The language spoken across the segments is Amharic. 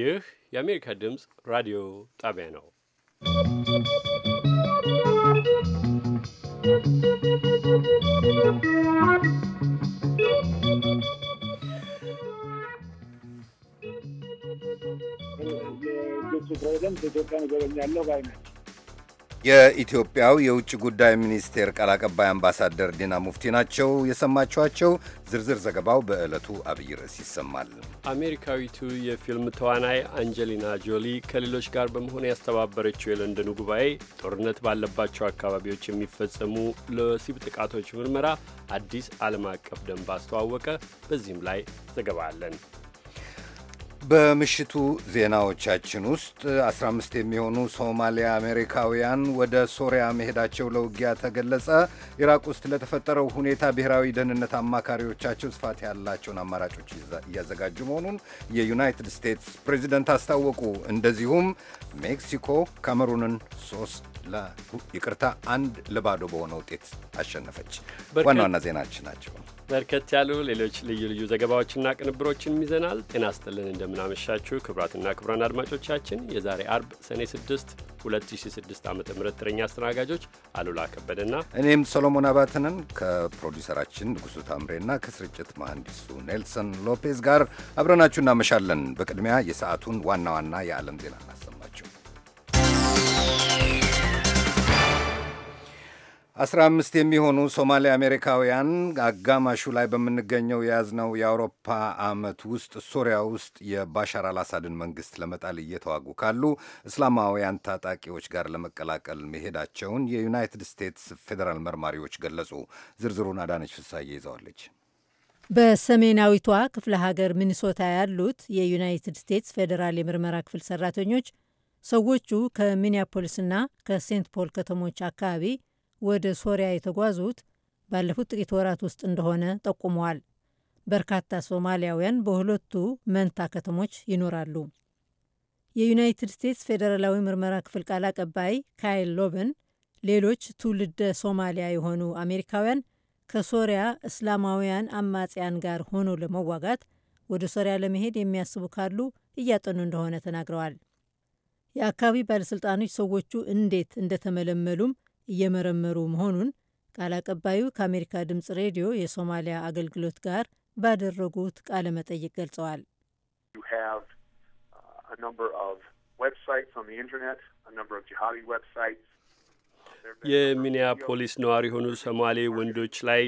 ይህ የአሜሪካ ድምፅ ራዲዮ ጣቢያ ነው። ትግራይ ለምድ ኢትዮጵያን እጎበኛለሁ ባይ ናቸው። የኢትዮጵያው የውጭ ጉዳይ ሚኒስቴር ቃል አቀባይ አምባሳደር ዲና ሙፍቲ ናቸው የሰማችኋቸው። ዝርዝር ዘገባው በዕለቱ አብይ ርዕስ ይሰማል። አሜሪካዊቱ የፊልም ተዋናይ አንጀሊና ጆሊ ከሌሎች ጋር በመሆን ያስተባበረችው የለንደኑ ጉባኤ ጦርነት ባለባቸው አካባቢዎች የሚፈጸሙ ለወሲብ ጥቃቶች ምርመራ አዲስ ዓለም አቀፍ ደንብ አስተዋወቀ። በዚህም ላይ ዘገባ አለን። በምሽቱ ዜናዎቻችን ውስጥ 15 የሚሆኑ ሶማሊያ አሜሪካውያን ወደ ሶሪያ መሄዳቸው ለውጊያ ተገለጸ። ኢራቅ ውስጥ ለተፈጠረው ሁኔታ ብሔራዊ ደህንነት አማካሪዎቻቸው ስፋት ያላቸውን አማራጮች እያዘጋጁ መሆኑን የዩናይትድ ስቴትስ ፕሬዚደንት አስታወቁ። እንደዚሁም ሜክሲኮ ካሜሩንን ሶስት ይቅርታ አንድ ለባዶ በሆነ ውጤት አሸነፈች። ዋና ዋና ዜናችን ናቸው። በርከት ያሉ ሌሎች ልዩ ልዩ ዘገባዎችና ቅንብሮችን ይዘናል። ጤና ስጥልን፣ እንደምናመሻችሁ ክቡራትና ክቡራን አድማጮቻችን የዛሬ አርብ ሰኔ 6 2006 ዓ ም ተረኛ አስተናጋጆች አሉላ ከበደና እኔም ሰሎሞን አባትንን ከፕሮዲሰራችን ንጉሡ ታምሬና ከስርጭት መሐንዲሱ ኔልሰን ሎፔዝ ጋር አብረናችሁ እናመሻለን። በቅድሚያ የሰዓቱን ዋና ዋና የዓለም ዜና ናሳ አስራ አምስት የሚሆኑ ሶማሌ አሜሪካውያን አጋማሹ ላይ በምንገኘው የያዝነው የአውሮፓ ዓመት ውስጥ ሶሪያ ውስጥ የባሻር አልአሳድን መንግስት ለመጣል እየተዋጉ ካሉ እስላማውያን ታጣቂዎች ጋር ለመቀላቀል መሄዳቸውን የዩናይትድ ስቴትስ ፌዴራል መርማሪዎች ገለጹ። ዝርዝሩን አዳነች ፍሳዬ ይዘዋለች። በሰሜናዊቷ ክፍለ ሀገር ሚኒሶታ ያሉት የዩናይትድ ስቴትስ ፌዴራል የምርመራ ክፍል ሰራተኞች ሰዎቹ ከሚኒያፖሊስና ከሴንት ፖል ከተሞች አካባቢ ወደ ሶሪያ የተጓዙት ባለፉት ጥቂት ወራት ውስጥ እንደሆነ ጠቁመዋል። በርካታ ሶማሊያውያን በሁለቱ መንታ ከተሞች ይኖራሉ። የዩናይትድ ስቴትስ ፌዴራላዊ ምርመራ ክፍል ቃል አቀባይ ካይል ሎብን ሌሎች ትውልደ ሶማሊያ የሆኑ አሜሪካውያን ከሶሪያ እስላማውያን አማጽያን ጋር ሆኖ ለመዋጋት ወደ ሶሪያ ለመሄድ የሚያስቡ ካሉ እያጠኑ እንደሆነ ተናግረዋል። የአካባቢ ባለሥልጣኖች ሰዎቹ እንዴት እንደተመለመሉም እየመረመሩ መሆኑን ቃል አቀባዩ ከአሜሪካ ድምፅ ሬዲዮ የሶማሊያ አገልግሎት ጋር ባደረጉት ቃለ መጠይቅ ገልጸዋል። uh, የሚኒያፖሊስ ነዋሪ የሆኑ ሶማሌ ወንዶች ላይ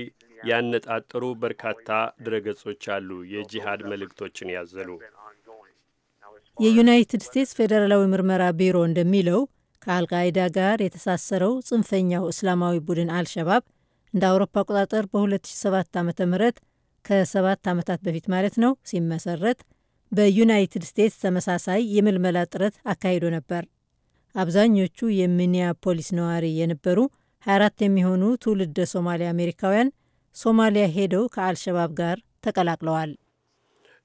ያነጣጠሩ በርካታ ድረገጾች አሉ፣ የጂሃድ መልእክቶችን ያዘሉ። የዩናይትድ ስቴትስ ፌዴራላዊ ምርመራ ቢሮ እንደሚለው ከአልቃይዳ ጋር የተሳሰረው ጽንፈኛው እስላማዊ ቡድን አልሸባብ እንደ አውሮፓ አቆጣጠር በ2007 ዓ ም ከሰባት ዓመታት በፊት ማለት ነው ሲመሰረት በዩናይትድ ስቴትስ ተመሳሳይ የምልመላ ጥረት አካሂዶ ነበር። አብዛኞቹ የሚኒያፖሊስ ነዋሪ የነበሩ 24 የሚሆኑ ትውልደ ሶማሊያ አሜሪካውያን ሶማሊያ ሄደው ከአልሸባብ ጋር ተቀላቅለዋል።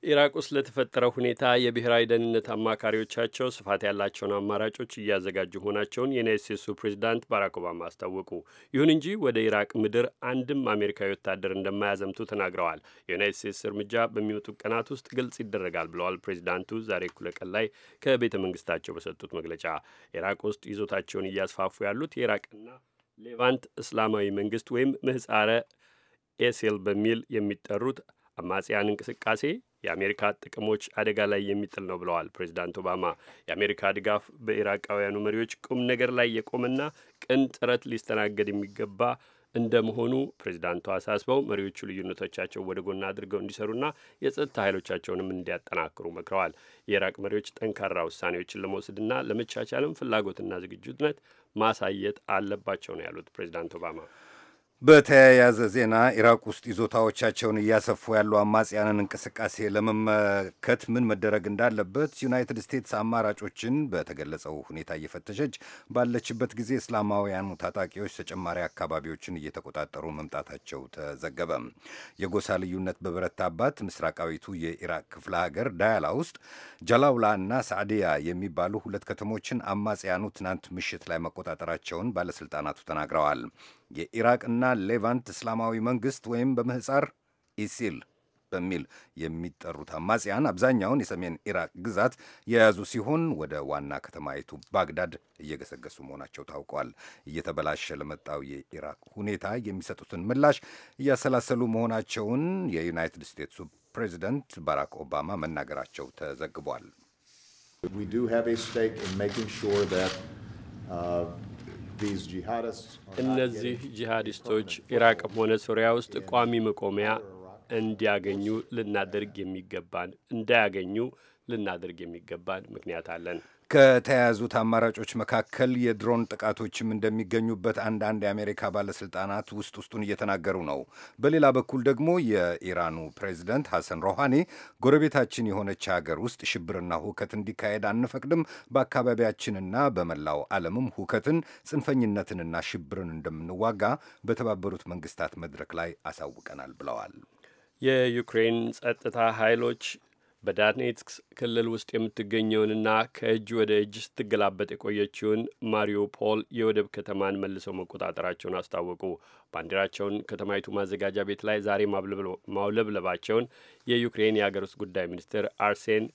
ኢራቅ ውስጥ ለተፈጠረው ሁኔታ የብሔራዊ ደህንነት አማካሪዎቻቸው ስፋት ያላቸውን አማራጮች እያዘጋጁ መሆናቸውን የዩናይት ስቴትሱ ፕሬዚዳንት ባራክ ኦባማ አስታወቁ። ይሁን እንጂ ወደ ኢራቅ ምድር አንድም አሜሪካዊ ወታደር እንደማያዘምቱ ተናግረዋል። የዩናይት ስቴትስ እርምጃ በሚወጡ ቀናት ውስጥ ግልጽ ይደረጋል ብለዋል ፕሬዚዳንቱ ዛሬ እኩለ ቀን ላይ ከቤተ መንግስታቸው በሰጡት መግለጫ። ኢራቅ ውስጥ ይዞታቸውን እያስፋፉ ያሉት የኢራቅና ሌቫንት እስላማዊ መንግስት ወይም ምህጻረ ኤሴል በሚል የሚጠሩት አማጽያን እንቅስቃሴ የአሜሪካ ጥቅሞች አደጋ ላይ የሚጥል ነው ብለዋል ፕሬዚዳንት ኦባማ። የአሜሪካ ድጋፍ በኢራቃውያኑ መሪዎች ቁም ነገር ላይ የቆመና ቅን ጥረት ሊስተናገድ የሚገባ እንደመሆኑ ፕሬዚዳንቱ አሳስበው መሪዎቹ ልዩነቶቻቸው ወደ ጎና አድርገው እንዲሰሩና የጸጥታ ኃይሎቻቸውንም እንዲያጠናክሩ መክረዋል። የኢራቅ መሪዎች ጠንካራ ውሳኔዎችን ለመውሰድና ለመቻቻልም ፍላጎትና ዝግጁነት ማሳየት አለባቸው ነው ያሉት ፕሬዚዳንት ኦባማ። በተያያዘ ዜና ኢራቅ ውስጥ ይዞታዎቻቸውን እያሰፉ ያሉ አማጽያንን እንቅስቃሴ ለመመከት ምን መደረግ እንዳለበት ዩናይትድ ስቴትስ አማራጮችን በተገለጸው ሁኔታ እየፈተሸች ባለችበት ጊዜ እስላማውያኑ ታጣቂዎች ተጨማሪ አካባቢዎችን እየተቆጣጠሩ መምጣታቸው ተዘገበ። የጎሳ ልዩነት በበረታባት ምስራቃዊቱ የኢራቅ ክፍለ ሀገር ዳያላ ውስጥ ጀላውላ እና ሳዕዲያ የሚባሉ ሁለት ከተሞችን አማጽያኑ ትናንት ምሽት ላይ መቆጣጠራቸውን ባለስልጣናቱ ተናግረዋል። የኢራቅና ሌቫንት እስላማዊ መንግስት ወይም በምህፃር ኢሲል በሚል የሚጠሩት አማጽያን አብዛኛውን የሰሜን ኢራቅ ግዛት የያዙ ሲሆን ወደ ዋና ከተማይቱ ባግዳድ እየገሰገሱ መሆናቸው ታውቋል። እየተበላሸ ለመጣው የኢራቅ ሁኔታ የሚሰጡትን ምላሽ እያሰላሰሉ መሆናቸውን የዩናይትድ ስቴትሱ ፕሬዚደንት ባራክ ኦባማ መናገራቸው ተዘግቧል። እነዚህ ጂሃዲስቶች ኢራቅም ሆነ ሱሪያ ውስጥ ቋሚ መቆሚያ እንዲያገኙ ልናደርግ የሚገባን እንዳያገኙ ልናደርግ የሚገባን ምክንያት አለን። ከተያያዙት አማራጮች መካከል የድሮን ጥቃቶችም እንደሚገኙበት አንዳንድ የአሜሪካ ባለስልጣናት ውስጥ ውስጡን እየተናገሩ ነው። በሌላ በኩል ደግሞ የኢራኑ ፕሬዚደንት ሐሰን ሮሃኒ ጎረቤታችን የሆነች ሀገር ውስጥ ሽብርና ሁከት እንዲካሄድ አንፈቅድም፣ በአካባቢያችንና በመላው ዓለምም ሁከትን ጽንፈኝነትንና ሽብርን እንደምንዋጋ በተባበሩት መንግስታት መድረክ ላይ አሳውቀናል ብለዋል። የዩክሬን ጸጥታ ኃይሎች በዳኔትስክ ክልል ውስጥ የምትገኘውንና ከእጅ ወደ እጅ ስትገላበጥ የቆየችውን ማሪዮፖል የወደብ ከተማን መልሰው መቆጣጠራቸውን አስታወቁ። ባንዲራቸውን ከተማይቱ ማዘጋጃ ቤት ላይ ዛሬ ማውለብለባቸውን የዩክሬን የአገር ውስጥ ጉዳይ ሚኒስትር አርሴን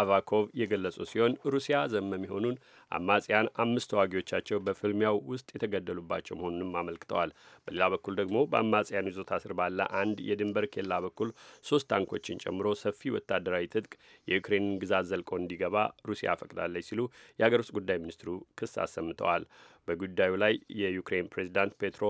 አቫኮቭ የገለጹ ሲሆን ሩሲያ ዘመም የሆኑን አማጽያን አምስት ተዋጊዎቻቸው በፍልሚያው ውስጥ የተገደሉባቸው መሆኑንም አመልክተዋል። በሌላ በኩል ደግሞ በአማጽያን ይዞታ ስር ባለ አንድ የድንበር ኬላ በኩል ሶስት ታንኮችን ጨምሮ ሰፊ ወታደራዊ ትጥቅ የዩክሬንን ግዛት ዘልቆ እንዲገባ ሩሲያ ፈቅዳለች ሲሉ የአገር ውስጥ ጉዳይ ሚኒስትሩ ክስ አሰምተዋል። በጉዳዩ ላይ የዩክሬን ፕሬዚዳንት ፔትሮ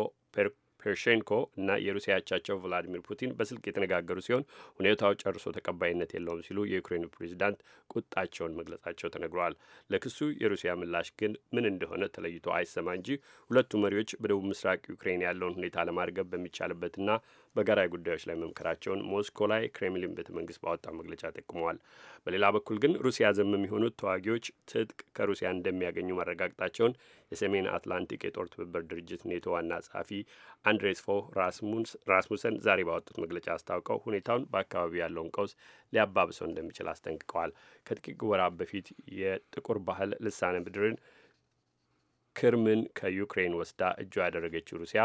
ሄርሼንኮ እና የሩሲያ አቻቸው ቭላዲሚር ፑቲን በስልክ የተነጋገሩ ሲሆን ሁኔታው ጨርሶ ተቀባይነት የለውም ሲሉ የዩክሬኑ ፕሬዚዳንት ቁጣቸውን መግለጻቸው ተነግረዋል። ለክሱ የሩሲያ ምላሽ ግን ምን እንደሆነ ተለይቶ አይሰማ እንጂ ሁለቱ መሪዎች በደቡብ ምስራቅ ዩክሬን ያለውን ሁኔታ ለማርገብ በሚቻልበትና በጋራ ጉዳዮች ላይ መምከራቸውን ሞስኮ ላይ ክሬምሊን ቤተ መንግስት ባወጣ መግለጫ ጠቁመዋል። በሌላ በኩል ግን ሩሲያ ዘመም የሆኑት ተዋጊዎች ትጥቅ ከሩሲያ እንደሚያገኙ ማረጋግጣቸውን የሰሜን አትላንቲክ የጦር ትብብር ድርጅት ኔቶ ዋና ጸሐፊ አንድሬስ ፎ ራስሙሰን ዛሬ ባወጡት መግለጫ አስታውቀው ሁኔታውን በአካባቢው ያለውን ቀውስ ሊያባብሰው እንደሚችል አስጠንቅቀዋል። ከጥቂት ወራት በፊት የጥቁር ባህል ልሳነ ምድርን ክርምን ከዩክሬን ወስዳ እጇ ያደረገችው ሩሲያ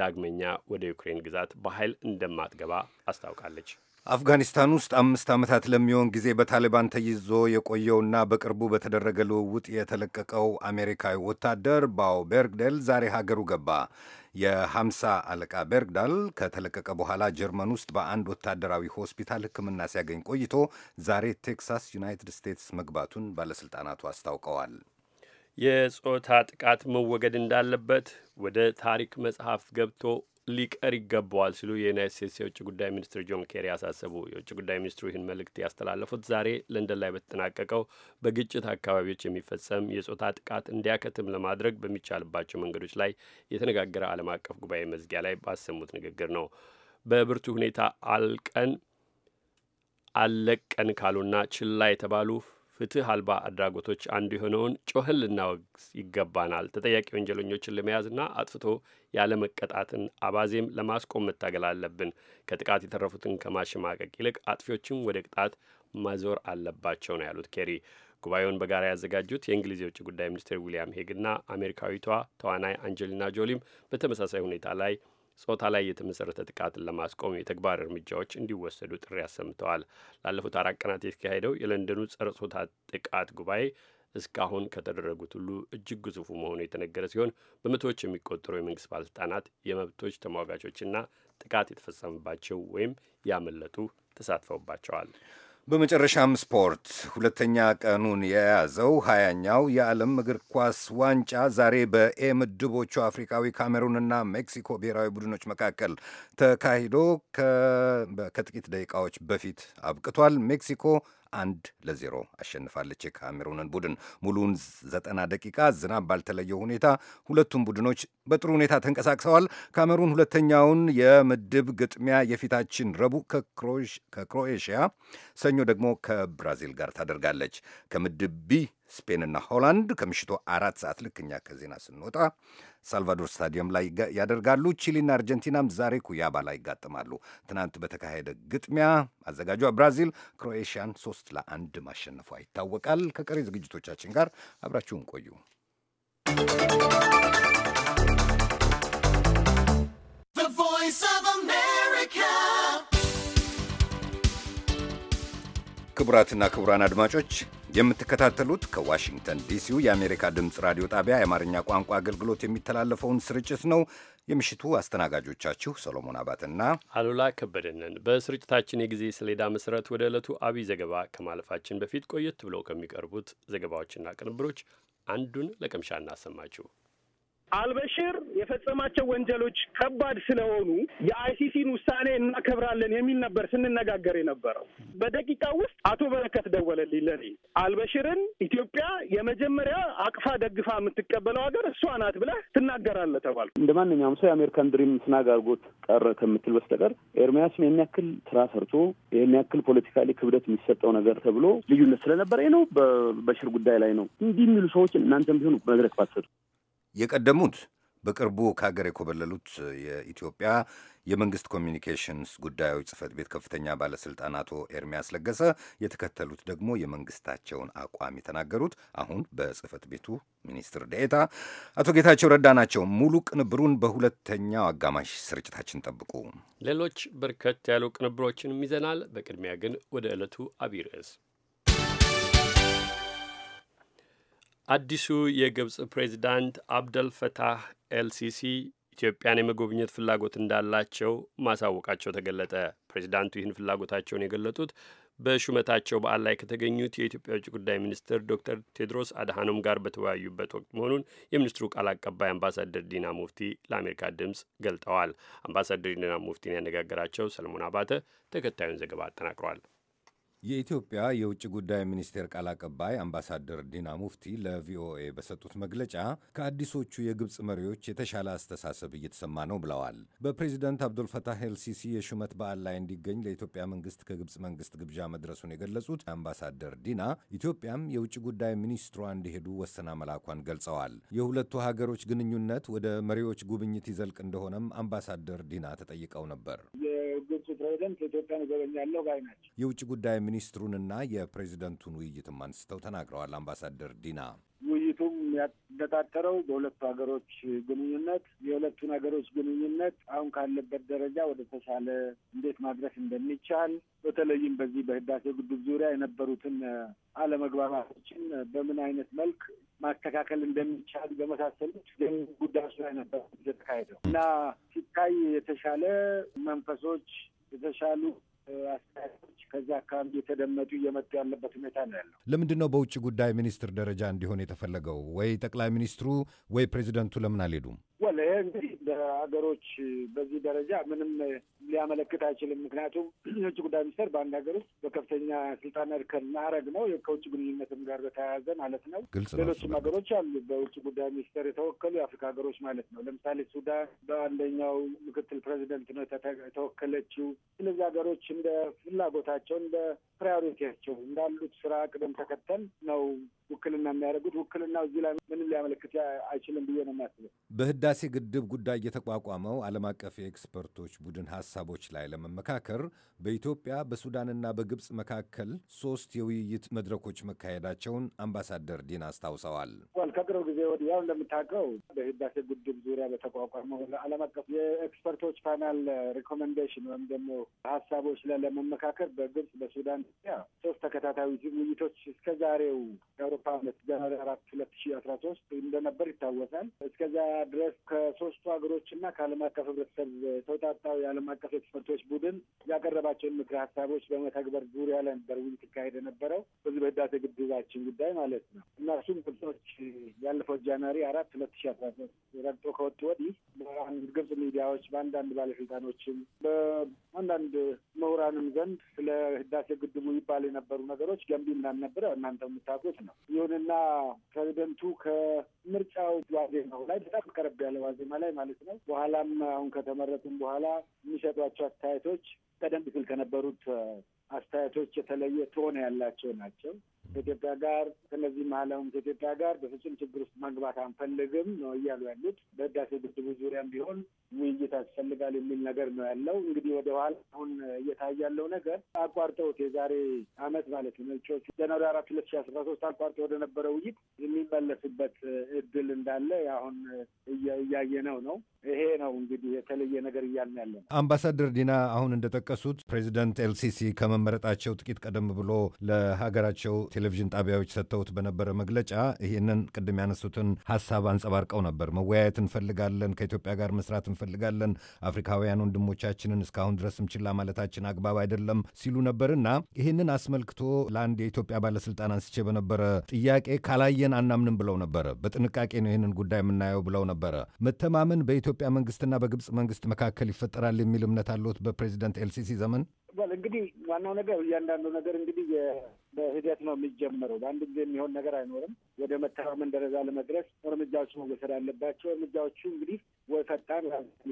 ዳግመኛ ወደ ዩክሬን ግዛት በኃይል እንደማትገባ አስታውቃለች። አፍጋኒስታን ውስጥ አምስት ዓመታት ለሚሆን ጊዜ በታሊባን ተይዞ የቆየውና በቅርቡ በተደረገ ልውውጥ የተለቀቀው አሜሪካዊ ወታደር ባው ቤርግደል ዛሬ ሀገሩ ገባ። የሃምሳ አለቃ በርግዳል ከተለቀቀ በኋላ ጀርመን ውስጥ በአንድ ወታደራዊ ሆስፒታል ሕክምና ሲያገኝ ቆይቶ ዛሬ ቴክሳስ ዩናይትድ ስቴትስ መግባቱን ባለሥልጣናቱ አስታውቀዋል። የጾታ ጥቃት መወገድ እንዳለበት ወደ ታሪክ መጽሐፍ ገብቶ ሊቀር ይገባዋል ሲሉ የዩናይት ስቴትስ የውጭ ጉዳይ ሚኒስትር ጆን ኬሪ አሳሰቡ። የውጭ ጉዳይ ሚኒስትሩ ይህን መልእክት ያስተላለፉት ዛሬ ለንደን ላይ በተጠናቀቀው በግጭት አካባቢዎች የሚፈጸም የጾታ ጥቃት እንዲያከትም ለማድረግ በሚቻልባቸው መንገዶች ላይ የተነጋገረ ዓለም አቀፍ ጉባኤ መዝጊያ ላይ ባሰሙት ንግግር ነው። በብርቱ ሁኔታ አልቀን አለቀን ካሉና ችላ የተባሉ ፍትህ አልባ አድራጎቶች አንዱ የሆነውን ጮህን ልናወግዝ ይገባናል። ተጠያቂ ወንጀለኞችን ለመያዝና አጥፍቶ ያለመቀጣትን አባዜም ለማስቆም መታገል አለብን። ከጥቃት የተረፉትን ከማሸማቀቅ ይልቅ አጥፊዎችም ወደ ቅጣት ማዞር አለባቸው ነው ያሉት ኬሪ። ጉባኤውን በጋራ ያዘጋጁት የእንግሊዝ የውጭ ጉዳይ ሚኒስትር ዊልያም ሄግና አሜሪካዊቷ ተዋናይ አንጀሊና ጆሊም በተመሳሳይ ሁኔታ ላይ ጾታ ላይ የተመሰረተ ጥቃትን ለማስቆም የተግባር እርምጃዎች እንዲወሰዱ ጥሪ አሰምተዋል። ላለፉት አራት ቀናት የተካሄደው የለንደኑ ጸረ ጾታ ጥቃት ጉባኤ እስካሁን ከተደረጉት ሁሉ እጅግ ግዙፉ መሆኑ የተነገረ ሲሆን በመቶዎች የሚቆጠሩ የመንግስት ባለስልጣናት፣ የመብቶች ተሟጋቾችና ጥቃት የተፈጸመባቸው ወይም ያመለጡ ተሳትፈውባቸዋል። በመጨረሻም ስፖርት ሁለተኛ ቀኑን የያዘው ሀያኛው የዓለም እግር ኳስ ዋንጫ ዛሬ በኤ ምድቦቹ አፍሪካዊ ካሜሩንና ሜክሲኮ ብሔራዊ ቡድኖች መካከል ተካሂዶ ከጥቂት ደቂቃዎች በፊት አብቅቷል። ሜክሲኮ አንድ ለዜሮ አሸንፋለች የካሜሩንን ቡድን። ሙሉውን ዘጠና ደቂቃ ዝናብ ባልተለየው ሁኔታ ሁለቱም ቡድኖች በጥሩ ሁኔታ ተንቀሳቅሰዋል። ካሜሩን ሁለተኛውን የምድብ ግጥሚያ የፊታችን ረቡዕ ከክሮኤሽያ፣ ሰኞ ደግሞ ከብራዚል ጋር ታደርጋለች። ከምድብ ቢ ስፔንና ሆላንድ ከምሽቱ አራት ሰዓት ልክኛ ከዜና ስንወጣ ሳልቫዶር ስታዲየም ላይ ያደርጋሉ። ቺሊና አርጀንቲናም ዛሬ ኩያባ ላይ ይጋጥማሉ። ትናንት በተካሄደ ግጥሚያ አዘጋጇ ብራዚል ክሮኤሽያን ሶስት ለአንድ ማሸነፏ ይታወቃል። ከቀሪ ዝግጅቶቻችን ጋር አብራችሁን ቆዩ። ቮይስ ኦፍ አሜሪካ ክቡራትና ክቡራን አድማጮች የምትከታተሉት ከዋሽንግተን ዲሲው የአሜሪካ ድምፅ ራዲዮ ጣቢያ የአማርኛ ቋንቋ አገልግሎት የሚተላለፈውን ስርጭት ነው። የምሽቱ አስተናጋጆቻችሁ ሰሎሞን አባትና አሉላ ከበደንን በስርጭታችን የጊዜ ሰሌዳ መሰረት ወደ ዕለቱ አብይ ዘገባ ከማለፋችን በፊት ቆየት ብለው ከሚቀርቡት ዘገባዎችና ቅንብሮች አንዱን ለቅምሻ እናሰማችሁ። አልበሽር የፈጸማቸው ወንጀሎች ከባድ ስለሆኑ የአይሲሲን ውሳኔ እናከብራለን የሚል ነበር ስንነጋገር የነበረው። በደቂቃ ውስጥ አቶ በረከት ደወለልኝ ለኔ። አልበሽርን ኢትዮጵያ የመጀመሪያ አቅፋ ደግፋ የምትቀበለው ሀገር እሷ ናት ብለህ ትናገራለህ ተባልኩ። እንደ ማንኛውም ሰው የአሜሪካን ድሪም ስናግ ቀረ ከምትል በስተቀር ኤርሚያስን የሚያክል ስራ ሰርቶ ይህን ያክል ፖለቲካሊ ክብደት የሚሰጠው ነገር ተብሎ ልዩነት ስለነበረ ነው። በበሽር ጉዳይ ላይ ነው እንዲህ የሚሉ ሰዎች እናንተም ቢሆኑ መድረክ ባትሰጡ የቀደሙት በቅርቡ ከሀገር የኮበለሉት የኢትዮጵያ የመንግስት ኮሚኒኬሽንስ ጉዳዮች ጽህፈት ቤት ከፍተኛ ባለስልጣን አቶ ኤርሚያስ ለገሰ፣ የተከተሉት ደግሞ የመንግስታቸውን አቋም የተናገሩት አሁን በጽህፈት ቤቱ ሚኒስትር ደኤታ አቶ ጌታቸው ረዳ ናቸው። ሙሉ ቅንብሩን በሁለተኛው አጋማሽ ስርጭታችን ጠብቁ። ሌሎች በርከት ያሉ ቅንብሮችንም ይዘናል። በቅድሚያ ግን ወደ ዕለቱ አብይ ርዕስ አዲሱ የግብፅ ፕሬዚዳንት አብደልፈታህ ኤልሲሲ ኢትዮጵያን የመጎብኘት ፍላጎት እንዳላቸው ማሳወቃቸው ተገለጠ። ፕሬዚዳንቱ ይህን ፍላጎታቸውን የገለጡት በሹመታቸው በዓል ላይ ከተገኙት የኢትዮጵያ ውጭ ጉዳይ ሚኒስትር ዶክተር ቴድሮስ አድሃኖም ጋር በተወያዩበት ወቅት መሆኑን የሚኒስትሩ ቃል አቀባይ አምባሳደር ዲና ሙፍቲ ለአሜሪካ ድምፅ ገልጠዋል። አምባሳደር ዲና ሙፍቲን ያነጋገራቸው ሰለሞን አባተ ተከታዩን ዘገባ አጠናቅሯል። የኢትዮጵያ የውጭ ጉዳይ ሚኒስቴር ቃል አቀባይ አምባሳደር ዲና ሙፍቲ ለቪኦኤ በሰጡት መግለጫ ከአዲሶቹ የግብፅ መሪዎች የተሻለ አስተሳሰብ እየተሰማ ነው ብለዋል። በፕሬዚደንት አብዱልፈታህ ኤልሲሲ የሹመት በዓል ላይ እንዲገኝ ለኢትዮጵያ መንግስት ከግብፅ መንግስት ግብዣ መድረሱን የገለጹት አምባሳደር ዲና ኢትዮጵያም የውጭ ጉዳይ ሚኒስትሯ እንዲሄዱ ወሰና መላኳን ገልጸዋል። የሁለቱ ሀገሮች ግንኙነት ወደ መሪዎች ጉብኝት ይዘልቅ እንደሆነም አምባሳደር ዲና ተጠይቀው ነበር። ፕሬዚደንት ኢትዮጵያ እጎበኛለሁ ባይ ናቸው። የውጭ ጉዳይ ሚኒስትሩንና የፕሬዚደንቱን ውይይትም አንስተው ተናግረዋል አምባሳደር ዲና። ውይይቱም ያነጣጠረው በሁለቱ ሀገሮች ግንኙነት የሁለቱን ሀገሮች ግንኙነት አሁን ካለበት ደረጃ ወደ ተሻለ እንዴት ማድረስ እንደሚቻል በተለይም በዚህ በህዳሴ ግድብ ዙሪያ የነበሩትን አለመግባባቶችን በምን አይነት መልክ ማስተካከል እንደሚቻል በመሳሰሉት ጉዳዮች ላይ ነበር የተካሄደው እና ሲታይ የተሻለ መንፈሶች የተሻሉ አስተያየቶች ከዚህ አካባቢ የተደመጡ እየመጡ ያለበት ሁኔታ ነው ያለው። ለምንድን ነው በውጭ ጉዳይ ሚኒስትር ደረጃ እንዲሆን የተፈለገው? ወይ ጠቅላይ ሚኒስትሩ ወይ ፕሬዚደንቱ ለምን አልሄዱም? ወለ ይህ እንግዲህ በሀገሮች በዚህ ደረጃ ምንም ሊያመለክት አይችልም። ምክንያቱም የውጭ ጉዳይ ሚኒስቴር በአንድ ሀገር ውስጥ በከፍተኛ ስልጣን እርከን ማዕረግ ነው፣ ከውጭ ግንኙነትም ጋር በተያያዘ ማለት ነው። ሌሎችም ሀገሮች አሉ በውጭ ጉዳይ ሚኒስቴር የተወከሉ የአፍሪካ ሀገሮች ማለት ነው። ለምሳሌ ሱዳን በአንደኛው ምክትል ፕሬዚደንት ነው የተወከለችው። ስለዚህ ሀገሮች እንደ ፍላጎታቸው እንደ ፕራዮሪቲያቸው እንዳሉት ስራ ቅደም ተከተል ነው ውክልና የሚያደርጉት። ውክልና እዚህ ላይ ምንም ሊያመለክት አይችልም ብዬ ነው የማስበው። የህዳሴ ግድብ ጉዳይ የተቋቋመው ዓለም አቀፍ የኤክስፐርቶች ቡድን ሐሳቦች ላይ ለመመካከር በኢትዮጵያ በሱዳንና በግብፅ መካከል ሦስት የውይይት መድረኮች መካሄዳቸውን አምባሳደር ዲን አስታውሰዋል። ከቅርብ ጊዜ ወዲያው እንደምታውቀው በህዳሴ ግድብ ዙሪያ በተቋቋመው ዓለም አቀፍ የኤክስፐርቶች ፓናል ሪኮሜንዴሽን ወይም ደግሞ ሀሳቦች ላይ ለመመካከር በግብፅ በሱዳን ሶስት ተከታታይ ውይይቶች እስከ ዛሬው የአውሮፓ ዓመት ጃንዋሪ አራት ሁለት ሺ አስራ ሶስት እንደነበር ይታወሳል። እስከዛ ድረስ ከሶስቱ ሀገሮች ሀገሮችና ከዓለም አቀፍ ህብረተሰብ ተውጣጣው የዓለም አቀፍ ኤክስፐርቶች ቡድን ያቀረባቸውን ምክር ሀሳቦች በመተግበር ዙሪያ ላይ ነበር ውይይት ይካሄድ የነበረው በዚህ በህዳሴ ግድባችን ጉዳይ ማለት ነው እና እሱም ግብጾች ያለፈው ጃንዋሪ አራት ሁለት ሺ አስራ ሶስት ረግጦ ከወጡ ወዲህ በአንድ በግብጽ ሚዲያዎች በአንዳንድ ባለስልጣኖችም በአንዳንድ ምሁራንም ዘንድ ስለ ህዳሴ ግድቡ ይባል የነበሩ ነገሮች ገንቢ እንዳልነበረ እናንተ የምታውቁት ነው። ይሁንና ፕሬዚደንቱ ከምርጫው ዋዜማው ላይ በጣም ቀረብ ያለ ዋዜማ ላይ ማለት ነው። በኋላም አሁን ከተመረጡም በኋላ የሚሰጧቸው አስተያየቶች ቀደም ሲል ከነበሩት አስተያየቶች የተለየ ትሆነ ያላቸው ናቸው። ከኢትዮጵያ ጋር ስለዚህ መሀላውም ከኢትዮጵያ ጋር በፍጹም ችግር ውስጥ መግባት አንፈልግም ነው እያሉ ያሉት። በህዳሴ ግድቡ ዙሪያም ቢሆን ውይይት ያስፈልጋል የሚል ነገር ነው ያለው። እንግዲህ ወደኋላ አሁን እየታየ ያለው ነገር አቋርጠውት የዛሬ አመት ማለት ነው መጪዎቹ ጃንዋሪ አራት ሁለት ሺ አስራ ሶስት አቋርጠው ወደነበረ ውይይት የሚመለስበት እድል እንዳለ አሁን ነው ነው። ይሄ ነው እንግዲህ የተለየ ነገር እያልን ያለ ነው። አምባሳደር ዲና አሁን እንደጠቀሱት ፕሬዚደንት ኤልሲሲ ከመመረጣቸው ጥቂት ቀደም ብሎ ለሀገራቸው ቴሌቪዥን ጣቢያዎች ሰጥተውት በነበረ መግለጫ ይህንን ቅድም ያነሱትን ሀሳብ አንጸባርቀው ነበር። መወያየት እንፈልጋለን፣ ከኢትዮጵያ ጋር መስራት እንፈልጋለን፣ አፍሪካውያን ወንድሞቻችንን እስካሁን ድረስም ችላ ማለታችን አግባብ አይደለም ሲሉ ነበርና ይህንን አስመልክቶ ለአንድ የኢትዮጵያ ባለስልጣን አንስቼ በነበረ ጥያቄ ካላየን አናምንም ብለው ነበረ። በጥንቃቄ ነው ይህንን ጉዳይ የምናየው ብለው ነበረ። መተማመን በኢትዮጵያ መንግስትና በግብፅ መንግስት መካከል ይፈጠራል የሚል እምነት አለዎት? በፕሬዚደንት ኤልሲሲ ዘመን እንግዲህ ዋናው ነገር እያንዳንዱ ነገር እንግዲህ በሂደት ነው የሚጀምረው። በአንድ ጊዜ የሚሆን ነገር አይኖርም። ወደ መተማመን ደረጃ ለመድረስ እርምጃዎች መወሰድ አለባቸው። እርምጃዎቹ እንግዲህ ወይ ፈጣን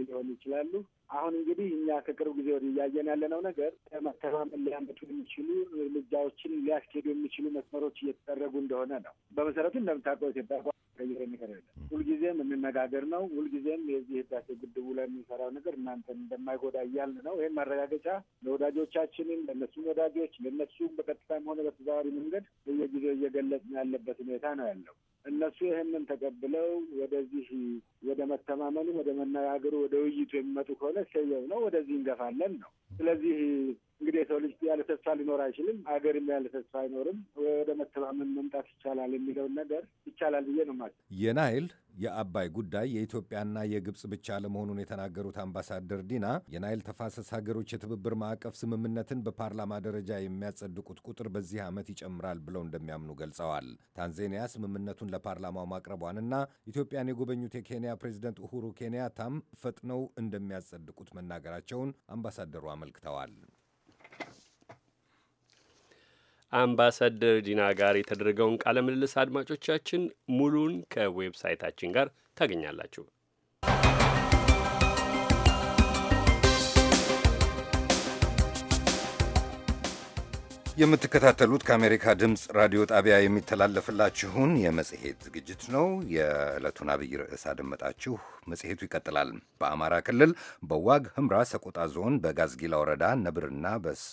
ሊሆኑ ይችላሉ። አሁን እንግዲህ እኛ ከቅርብ ጊዜ ወዲህ እያየን ያለነው ነገር መተማመን ሊያመጡ የሚችሉ እርምጃዎችን ሊያስኬዱ የሚችሉ መስመሮች እየተደረጉ እንደሆነ ነው። በመሰረቱ እንደምታውቀው ኢትዮጵያ ቀይረ ነገር ሁልጊዜም የምነጋገር ነው። ሁልጊዜም የዚህ ህዳሴ ግድቡ ላይ የምንሰራው ነገር እናንተን እንደማይጎዳ እያልን ነው። ይህን ማረጋገጫ ለወዳጆቻችንም፣ ለእነሱም ወዳጆች ለእነሱም በቀጥታም ሆነ በተዘዋዋሪ መንገድ በየጊዜው እየገለጽ ያለበት ሁኔታ ነው ያለው። እነሱ ይህንን ተቀብለው ወደዚህ ወደ መተማመኑ፣ ወደ መነጋገሩ፣ ወደ ውይይቱ የሚመጡ ከሆነ ሰየው ነው፣ ወደዚህ እንገፋለን ነው። ስለዚህ እንግዲህ የሰው ልጅ ያለ ተስፋ ሊኖር አይችልም፣ አገርም ያለ ተስፋ አይኖርም። ወደ መተማመን መምጣት ይቻላል የሚለውን ነገር ይቻላል ብዬ ነው ማለት። የናይል የአባይ ጉዳይ የኢትዮጵያና የግብፅ ብቻ አለመሆኑን የተናገሩት አምባሳደር ዲና የናይል ተፋሰስ ሀገሮች የትብብር ማዕቀፍ ስምምነትን በፓርላማ ደረጃ የሚያጸድቁት ቁጥር በዚህ ዓመት ይጨምራል ብለው እንደሚያምኑ ገልጸዋል። ታንዛኒያ ስምምነቱን ሪፖርቱን ለፓርላማው ማቅረቧንና ኢትዮጵያን የጎበኙት የኬንያ ፕሬዚደንት ኡሁሩ ኬንያታም ፈጥነው እንደሚያጸድቁት መናገራቸውን አምባሳደሩ አመልክተዋል። አምባሳደር ዲና ጋር የተደረገውን ቃለ ምልልስ አድማጮቻችን ሙሉን ከዌብሳይታችን ጋር ታገኛላችሁ። የምትከታተሉት ከአሜሪካ ድምፅ ራዲዮ ጣቢያ የሚተላለፍላችሁን የመጽሔት ዝግጅት ነው። የዕለቱን አብይ ርዕስ አደመጣችሁ። መጽሔቱ ይቀጥላል። በአማራ ክልል በዋግ ህምራ ሰቆጣ ዞን በጋዝጊላ ወረዳ ነብርና በስ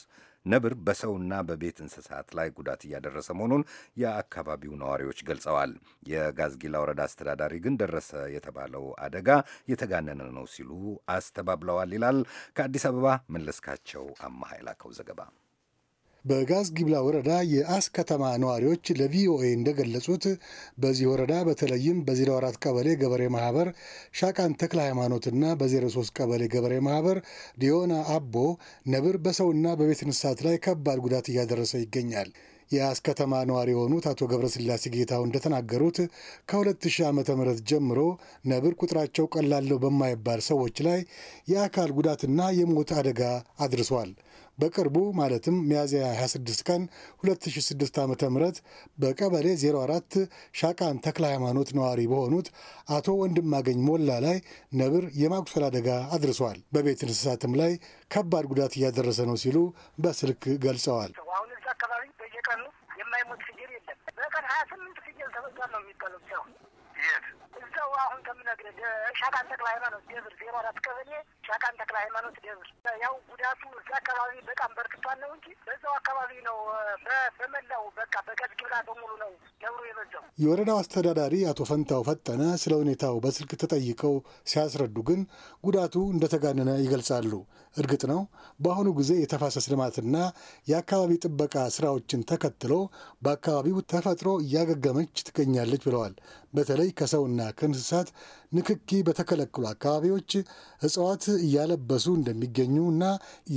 ነብር በሰውና በቤት እንስሳት ላይ ጉዳት እያደረሰ መሆኑን የአካባቢው ነዋሪዎች ገልጸዋል። የጋዝጊላ ወረዳ አስተዳዳሪ ግን ደረሰ የተባለው አደጋ የተጋነነ ነው ሲሉ አስተባብለዋል ይላል። ከአዲስ አበባ መለስካቸው አማሃ የላከው ዘገባ በጋዝ ጊብላ ወረዳ የአስ ከተማ ነዋሪዎች ለቪኦኤ እንደገለጹት በዚህ ወረዳ በተለይም በ04 ቀበሌ ገበሬ ማህበር ሻቃን ተክለ ሃይማኖትና በ03 ቀበሌ ገበሬ ማህበር ዲዮና አቦ ነብር በሰውና በቤት እንስሳት ላይ ከባድ ጉዳት እያደረሰ ይገኛል። የአስ ከተማ ነዋሪ የሆኑት አቶ ገብረስላሴ ጌታው እንደተናገሩት ከ2000 ዓ ም ጀምሮ ነብር ቁጥራቸው ቀላለው በማይባል ሰዎች ላይ የአካል ጉዳትና የሞት አደጋ አድርሷል። በቅርቡ ማለትም ሚያዝያ 26 ቀን 2006 ዓ ም በቀበሌ 04 ሻቃን ተክለ ሃይማኖት ነዋሪ በሆኑት አቶ ወንድማገኝ ሞላ ላይ ነብር የማቁሰል አደጋ አድርሷል። በቤት እንስሳትም ላይ ከባድ ጉዳት እያደረሰ ነው ሲሉ በስልክ ገልጸዋል። አሁን አካባቢ በየቀኑ የማይሞት ፍየል የለም። በቀን 28 ፍየል ተበዛ ነው የሚባለው ሰው አሁን ከምነግርህ ሻካን ተክለ ሃይማኖት ደብር ዜሮ አራት ቀበሌ ሻካን ተክለ ሃይማኖት ደብር ያው ጉዳቱ እዛ አካባቢ በጣም በርክቷል ነው እንጂ በዛው አካባቢ ነው በመላው በቃ በቀዝቅ ብላ በሙሉ ነው ነብሩ የበዛው። የወረዳው አስተዳዳሪ አቶ ፈንታው ፈጠነ ስለ ሁኔታው በስልክ ተጠይቀው ሲያስረዱ ግን ጉዳቱ እንደተጋነነ ይገልጻሉ። እርግጥ ነው በአሁኑ ጊዜ የተፋሰስ ልማትና የአካባቢ ጥበቃ ስራዎችን ተከትሎ በአካባቢው ተፈጥሮ እያገገመች ትገኛለች ብለዋል። በተለይ ከሰውና ከእንስሳት ንክኪ በተከለከሉ አካባቢዎች እጽዋት እያለበሱ እንደሚገኙ እና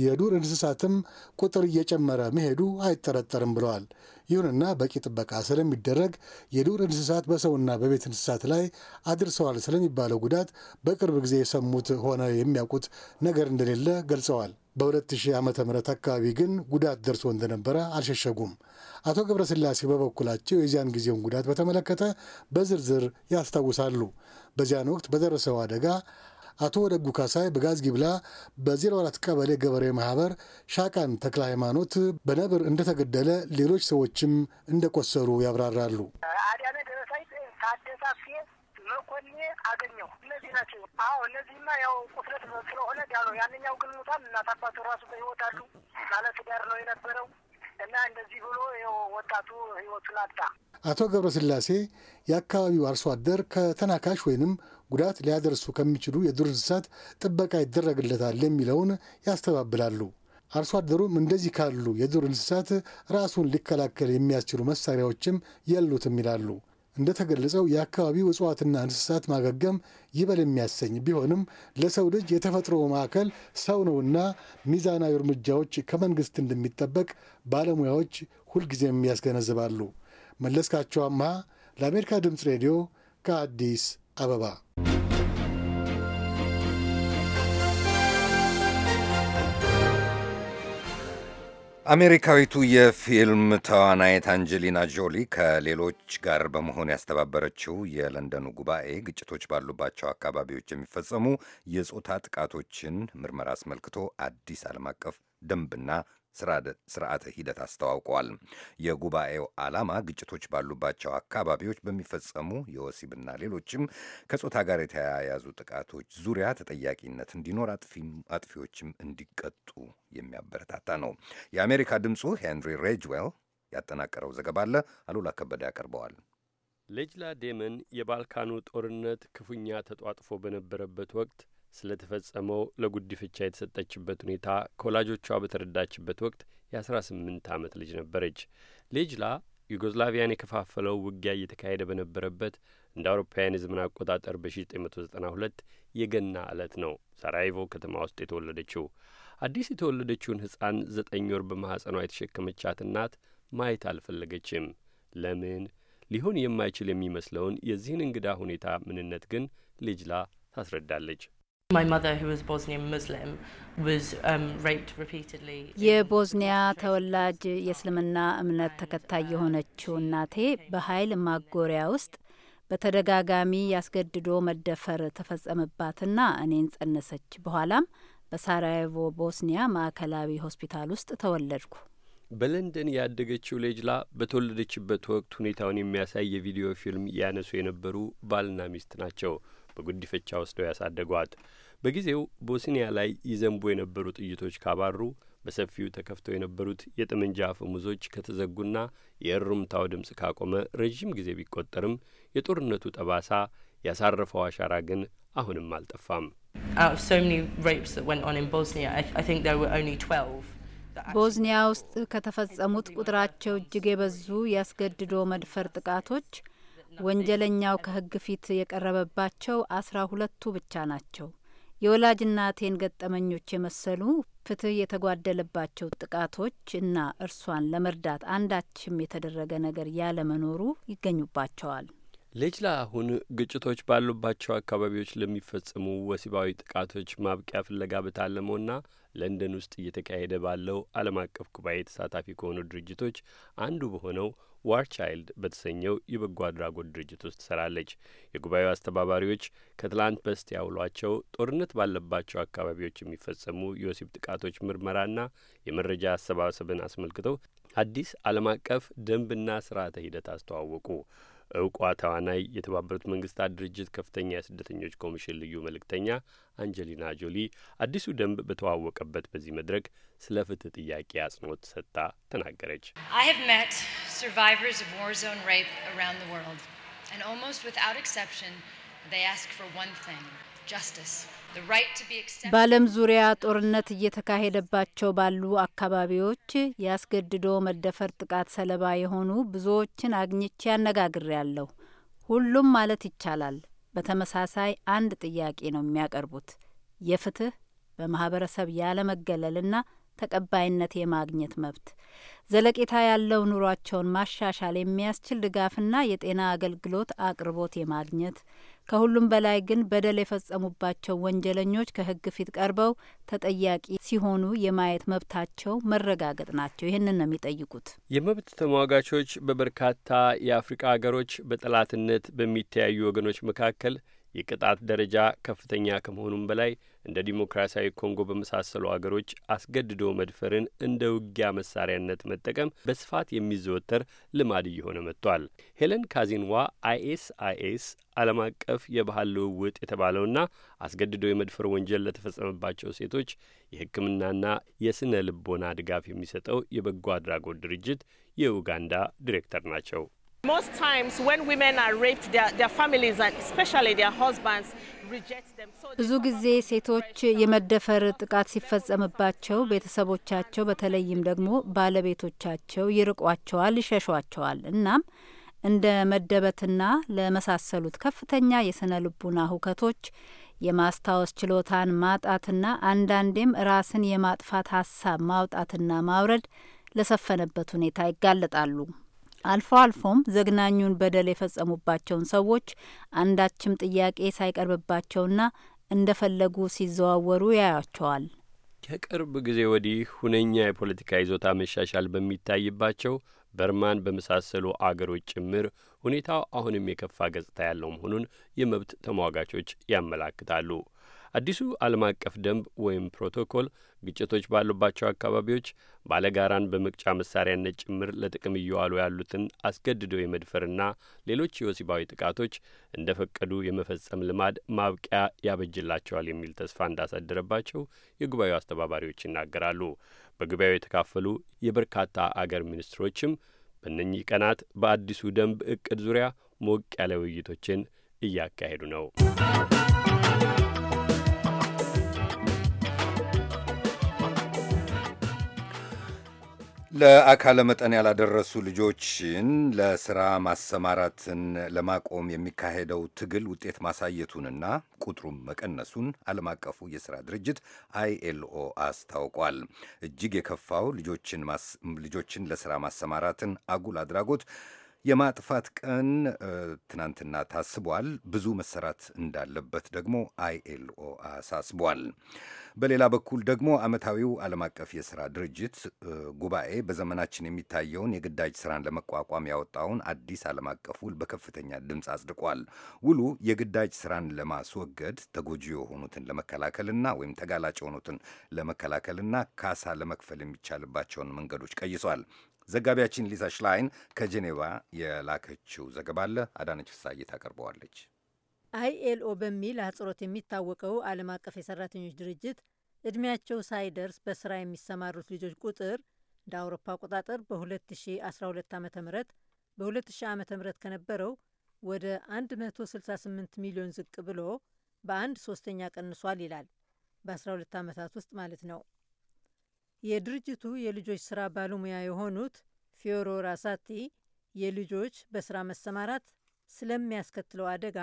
የዱር እንስሳትም ቁጥር እየጨመረ መሄዱ አይጠረጠርም ብለዋል። ይሁንና በቂ ጥበቃ ስለሚደረግ የዱር እንስሳት በሰውና በቤት እንስሳት ላይ አድርሰዋል ስለሚባለው ጉዳት በቅርብ ጊዜ የሰሙት ሆነ የሚያውቁት ነገር እንደሌለ ገልጸዋል። በ2000 ዓ ም አካባቢ ግን ጉዳት ደርሶ እንደነበረ አልሸሸጉም። አቶ ገብረስላሴ በበኩላቸው የዚያን ጊዜውን ጉዳት በተመለከተ በዝርዝር ያስታውሳሉ። በዚያን ወቅት በደረሰው አደጋ አቶ ወደጉ ካሳይ በጋዝ ጊብላ በ04 ቀበሌ ገበሬ ማህበር ሻቃን ተክለ ሃይማኖት በነብር እንደተገደለ ሌሎች ሰዎችም እንደቆሰሉ ያብራራሉ። አዳነ ደረሳይ፣ ታደሳ ፌ፣ አገኘው እነዚህ ናቸው። አዎ እነዚህማ ያው ቁስለት ስለሆነ ያለው ያንኛው ግን ሙታን እናት አባቱ ራሱ በህይወት አሉ። ባለትዳር ነው የነበረው እና እንደዚህ ብሎ ወጣቱ ህይወቱን አጣ። አቶ ገብረስላሴ የአካባቢው አርሶ አደር ከተናካሽ ወይንም ጉዳት ሊያደርሱ ከሚችሉ የዱር እንስሳት ጥበቃ ይደረግለታል የሚለውን ያስተባብላሉ። አርሶ አደሩም እንደዚህ ካሉ የዱር እንስሳት ራሱን ሊከላከል የሚያስችሉ መሳሪያዎችም የሉትም ይላሉ። እንደተገለጸው የአካባቢው እጽዋትና እንስሳት ማገገም ይበል የሚያሰኝ ቢሆንም ለሰው ልጅ የተፈጥሮ ማዕከል ሰው ነውና ሚዛናዊ እርምጃዎች ከመንግስት እንደሚጠበቅ ባለሙያዎች ሁልጊዜም ያስገነዝባሉ። መለስካቸው አምሃ ለአሜሪካ ድምፅ ሬዲዮ ከአዲስ አበባ አሜሪካዊቱ የፊልም ተዋናይት አንጀሊና ጆሊ ከሌሎች ጋር በመሆን ያስተባበረችው የለንደኑ ጉባኤ ግጭቶች ባሉባቸው አካባቢዎች የሚፈጸሙ የጾታ ጥቃቶችን ምርመራ አስመልክቶ አዲስ ዓለም አቀፍ ደንብና ስርዓተ ሂደት አስተዋውቀዋል። የጉባኤው ዓላማ ግጭቶች ባሉባቸው አካባቢዎች በሚፈጸሙ የወሲብና ሌሎችም ከጾታ ጋር የተያያዙ ጥቃቶች ዙሪያ ተጠያቂነት እንዲኖር፣ አጥፊዎችም እንዲቀጡ የሚያበረታታ ነው። የአሜሪካ ድምፁ ሄንሪ ሬጅዌል ያጠናቀረው ዘገባ አለ አሉላ ከበደ ያቀርበዋል። ሌጅላ ዴመን የባልካኑ ጦርነት ክፉኛ ተጧጥፎ በነበረበት ወቅት ስለ ተፈጸመው ለጉዲፈቻ የተሰጠችበት ሁኔታ ከወላጆቿ በተረዳችበት ወቅት የአስራ ስምንት ዓመት ልጅ ነበረች። ሌጅላ ዩጎዝላቪያን የከፋፈለው ውጊያ እየተካሄደ በነበረበት እንደ አውሮፓውያን የዘመን አቆጣጠር በ1992 የገና ዕለት ነው ሳራይቮ ከተማ ውስጥ የተወለደችው። አዲስ የተወለደችውን ሕፃን ዘጠኝ ወር በማኅፀኗ የተሸከመቻት እናት ማየት አልፈለገችም። ለምን ሊሆን የማይችል የሚመስለውን የዚህን እንግዳ ሁኔታ ምንነት ግን ሌጅላ ታስረዳለች። የቦዝኒያ um, ተወላጅ የእስልምና እምነት ተከታይ um, የሆነችው እናቴ በኃይል ማጎሪያ ውስጥ በተደጋጋሚ ያስገድዶ መደፈር ተፈጸመባትና እኔን ጸነሰች። በኋላም በሳራየቮ ቦስኒያ ማዕከላዊ ሆስፒታል ውስጥ ተወለድኩ። በለንደን ያደገችው ሌጅላ በተወለደችበት ወቅት ሁኔታውን የሚያሳይ የቪዲዮ ፊልም ያነሱ የነበሩ ባልና ሚስት ናቸው። በጉዲፈቻ ወስደው ያሳደጓት በጊዜው ቦስኒያ ላይ ይዘንቡ የነበሩ ጥይቶች ካባሩ በሰፊው ተከፍተው የነበሩት የጠመንጃ አፈሙዞች ከተዘጉና የእሩምታው ድምፅ ካቆመ ረዥም ጊዜ ቢቆጠርም የጦርነቱ ጠባሳ ያሳረፈው አሻራ ግን አሁንም አልጠፋም። ቦዝኒያ ውስጥ ከተፈጸሙት ቁጥራቸው እጅግ የበዙ ያስገድዶ መድፈር ጥቃቶች ወንጀለኛው ከሕግ ፊት የቀረበባቸው አስራ ሁለቱ ብቻ ናቸው። የወላጅና እናቴን ገጠመኞች የመሰሉ ፍትህ የተጓደለባቸው ጥቃቶች እና እርሷን ለመርዳት አንዳችም የተደረገ ነገር ያለመኖሩ ይገኙባቸዋል። ሌጅላ አሁን ግጭቶች ባሉባቸው አካባቢዎች ለሚፈጸሙ ወሲባዊ ጥቃቶች ማብቂያ ፍለጋ በታለመውና ለንደን ውስጥ እየተካሄደ ባለው ዓለም አቀፍ ጉባኤ ተሳታፊ ከሆኑ ድርጅቶች አንዱ በሆነው ዋር ቻይልድ በተሰኘው የበጎ አድራጎት ድርጅት ውስጥ ትሰራለች። የጉባኤው አስተባባሪዎች ከትላንት በስቲያ ያውሏቸው ጦርነት ባለባቸው አካባቢዎች የሚፈጸሙ የወሲብ ጥቃቶች ምርመራና የመረጃ አሰባሰብን አስመልክተው አዲስ ዓለም አቀፍ ደንብና ስርዓተ ሂደት አስተዋወቁ። እውቋ ተዋናይ የተባበሩት መንግስታት ድርጅት ከፍተኛ የስደተኞች ኮሚሽን ልዩ መልእክተኛ አንጀሊና ጆሊ አዲሱ ደንብ በተዋወቀበት በዚህ መድረክ ስለ ፍትህ ጥያቄ አጽንኦት ሰጥታ ተናገረች። And almost without exception, they ask for one በዓለም ዙሪያ ጦርነት እየተካሄደባቸው ባሉ አካባቢዎች ያስገድዶ መደፈር ጥቃት ሰለባ የሆኑ ብዙዎችን አግኝቼ አነጋግሬያለሁ። ሁሉም ማለት ይቻላል በተመሳሳይ አንድ ጥያቄ ነው የሚያቀርቡት የፍትህ በማህበረሰብ ያለመገለልና ተቀባይነት የማግኘት መብት፣ ዘለቄታ ያለው ኑሯቸውን ማሻሻል የሚያስችል ድጋፍና የጤና አገልግሎት አቅርቦት የማግኘት ከሁሉም በላይ ግን በደል የፈጸሙባቸው ወንጀለኞች ከህግ ፊት ቀርበው ተጠያቂ ሲሆኑ የማየት መብታቸው መረጋገጥ ናቸው። ይህንን ነው የሚጠይቁት። የመብት ተሟጋቾች በበርካታ የአፍሪቃ ሀገሮች በጠላትነት በሚተያዩ ወገኖች መካከል የቅጣት ደረጃ ከፍተኛ ከመሆኑም በላይ እንደ ዲሞክራሲያዊ ኮንጎ በመሳሰሉ አገሮች አስገድዶ መድፈርን እንደ ውጊያ መሳሪያነት መጠቀም በስፋት የሚዘወተር ልማድ እየሆነ መጥቷል። ሄለን ካዚንዋ አይኤስ አይኤስ ዓለም አቀፍ የባህል ልውውጥ የተባለውና አስገድዶ የመድፈር ወንጀል ለተፈጸመባቸው ሴቶች የሕክምናና የስነ ልቦና ድጋፍ የሚሰጠው የበጎ አድራጎት ድርጅት የኡጋንዳ ዲሬክተር ናቸው። Most times when women are raped, their, their families and especially their husbands reject them. ብዙ ጊዜ ሴቶች የመደፈር ጥቃት ሲፈጸምባቸው ቤተሰቦቻቸው በተለይም ደግሞ ባለቤቶቻቸው ይርቋቸዋል፣ ይሸሿቸዋል። እናም እንደ መደበትና ለመሳሰሉት ከፍተኛ የስነ ልቡና ሁከቶች የማስታወስ ችሎታን ማጣትና አንዳንዴም ራስን የማጥፋት ሀሳብ ማውጣትና ማውረድ ለሰፈነበት ሁኔታ ይጋለጣሉ። አልፎ አልፎም ዘግናኙን በደል የፈጸሙባቸውን ሰዎች አንዳችም ጥያቄ ሳይቀርብባቸውና እንደፈለጉ ሲዘዋወሩ ያያቸዋል። ከቅርብ ጊዜ ወዲህ ሁነኛ የፖለቲካ ይዞታ መሻሻል በሚታይባቸው በርማን በመሳሰሉ አገሮች ጭምር ሁኔታው አሁንም የከፋ ገጽታ ያለው መሆኑን የመብት ተሟጋቾች ያመላክታሉ። አዲሱ ዓለም አቀፍ ደንብ ወይም ፕሮቶኮል ግጭቶች ባሉባቸው አካባቢዎች ባለጋራን በመቅጫ መሳሪያነት ጭምር ለጥቅም እየዋሉ ያሉትን አስገድዶ የመድፈርና ሌሎች የወሲባዊ ጥቃቶች እንደ ፈቀዱ የመፈጸም ልማድ ማብቂያ ያበጅላቸዋል የሚል ተስፋ እንዳሳደረባቸው የጉባኤው አስተባባሪዎች ይናገራሉ። በጉባኤው የተካፈሉ የበርካታ አገር ሚኒስትሮችም በእነኚህ ቀናት በአዲሱ ደንብ እቅድ ዙሪያ ሞቅ ያለ ውይይቶችን እያካሄዱ ነው። ለአካለ መጠን ያላደረሱ ልጆችን ለስራ ማሰማራትን ለማቆም የሚካሄደው ትግል ውጤት ማሳየቱንና ቁጥሩም መቀነሱን ዓለም አቀፉ የሥራ ድርጅት አይኤልኦ አስታውቋል። እጅግ የከፋው ልጆችን ለስራ ማሰማራትን አጉል አድራጎት የማጥፋት ቀን ትናንትና ታስቧል። ብዙ መሰራት እንዳለበት ደግሞ አይኤልኦ አሳስቧል። በሌላ በኩል ደግሞ ዓመታዊው ዓለም አቀፍ የስራ ድርጅት ጉባኤ በዘመናችን የሚታየውን የግዳጅ ስራን ለመቋቋም ያወጣውን አዲስ ዓለም አቀፍ ውል በከፍተኛ ድምፅ አጽድቋል። ውሉ የግዳጅ ስራን ለማስወገድ ተጎጂ የሆኑትን ለመከላከልና ወይም ተጋላጭ የሆኑትን ለመከላከልና ካሳ ለመክፈል የሚቻልባቸውን መንገዶች ቀይሷል። ዘጋቢያችን ሊሳ ሽላይን ከጄኔቫ የላከችው ዘገባ አለ። አዳነች ፍሳዬ ታቀርበዋለች። አይኤልኦ በሚል አጽሮት የሚታወቀው ዓለም አቀፍ የሰራተኞች ድርጅት እድሜያቸው ሳይደርስ በስራ የሚሰማሩት ልጆች ቁጥር እንደ አውሮፓ አቆጣጠር በ2012 ዓ ም በ2000 ዓ ም ከነበረው ወደ 168 ሚሊዮን ዝቅ ብሎ በአንድ ሶስተኛ ቀንሷል ይላል። በ12 ዓመታት ውስጥ ማለት ነው። የድርጅቱ የልጆች ስራ ባለሙያ የሆኑት ፊዮሮ ራሳቲ የልጆች በስራ መሰማራት ስለሚያስከትለው አደጋ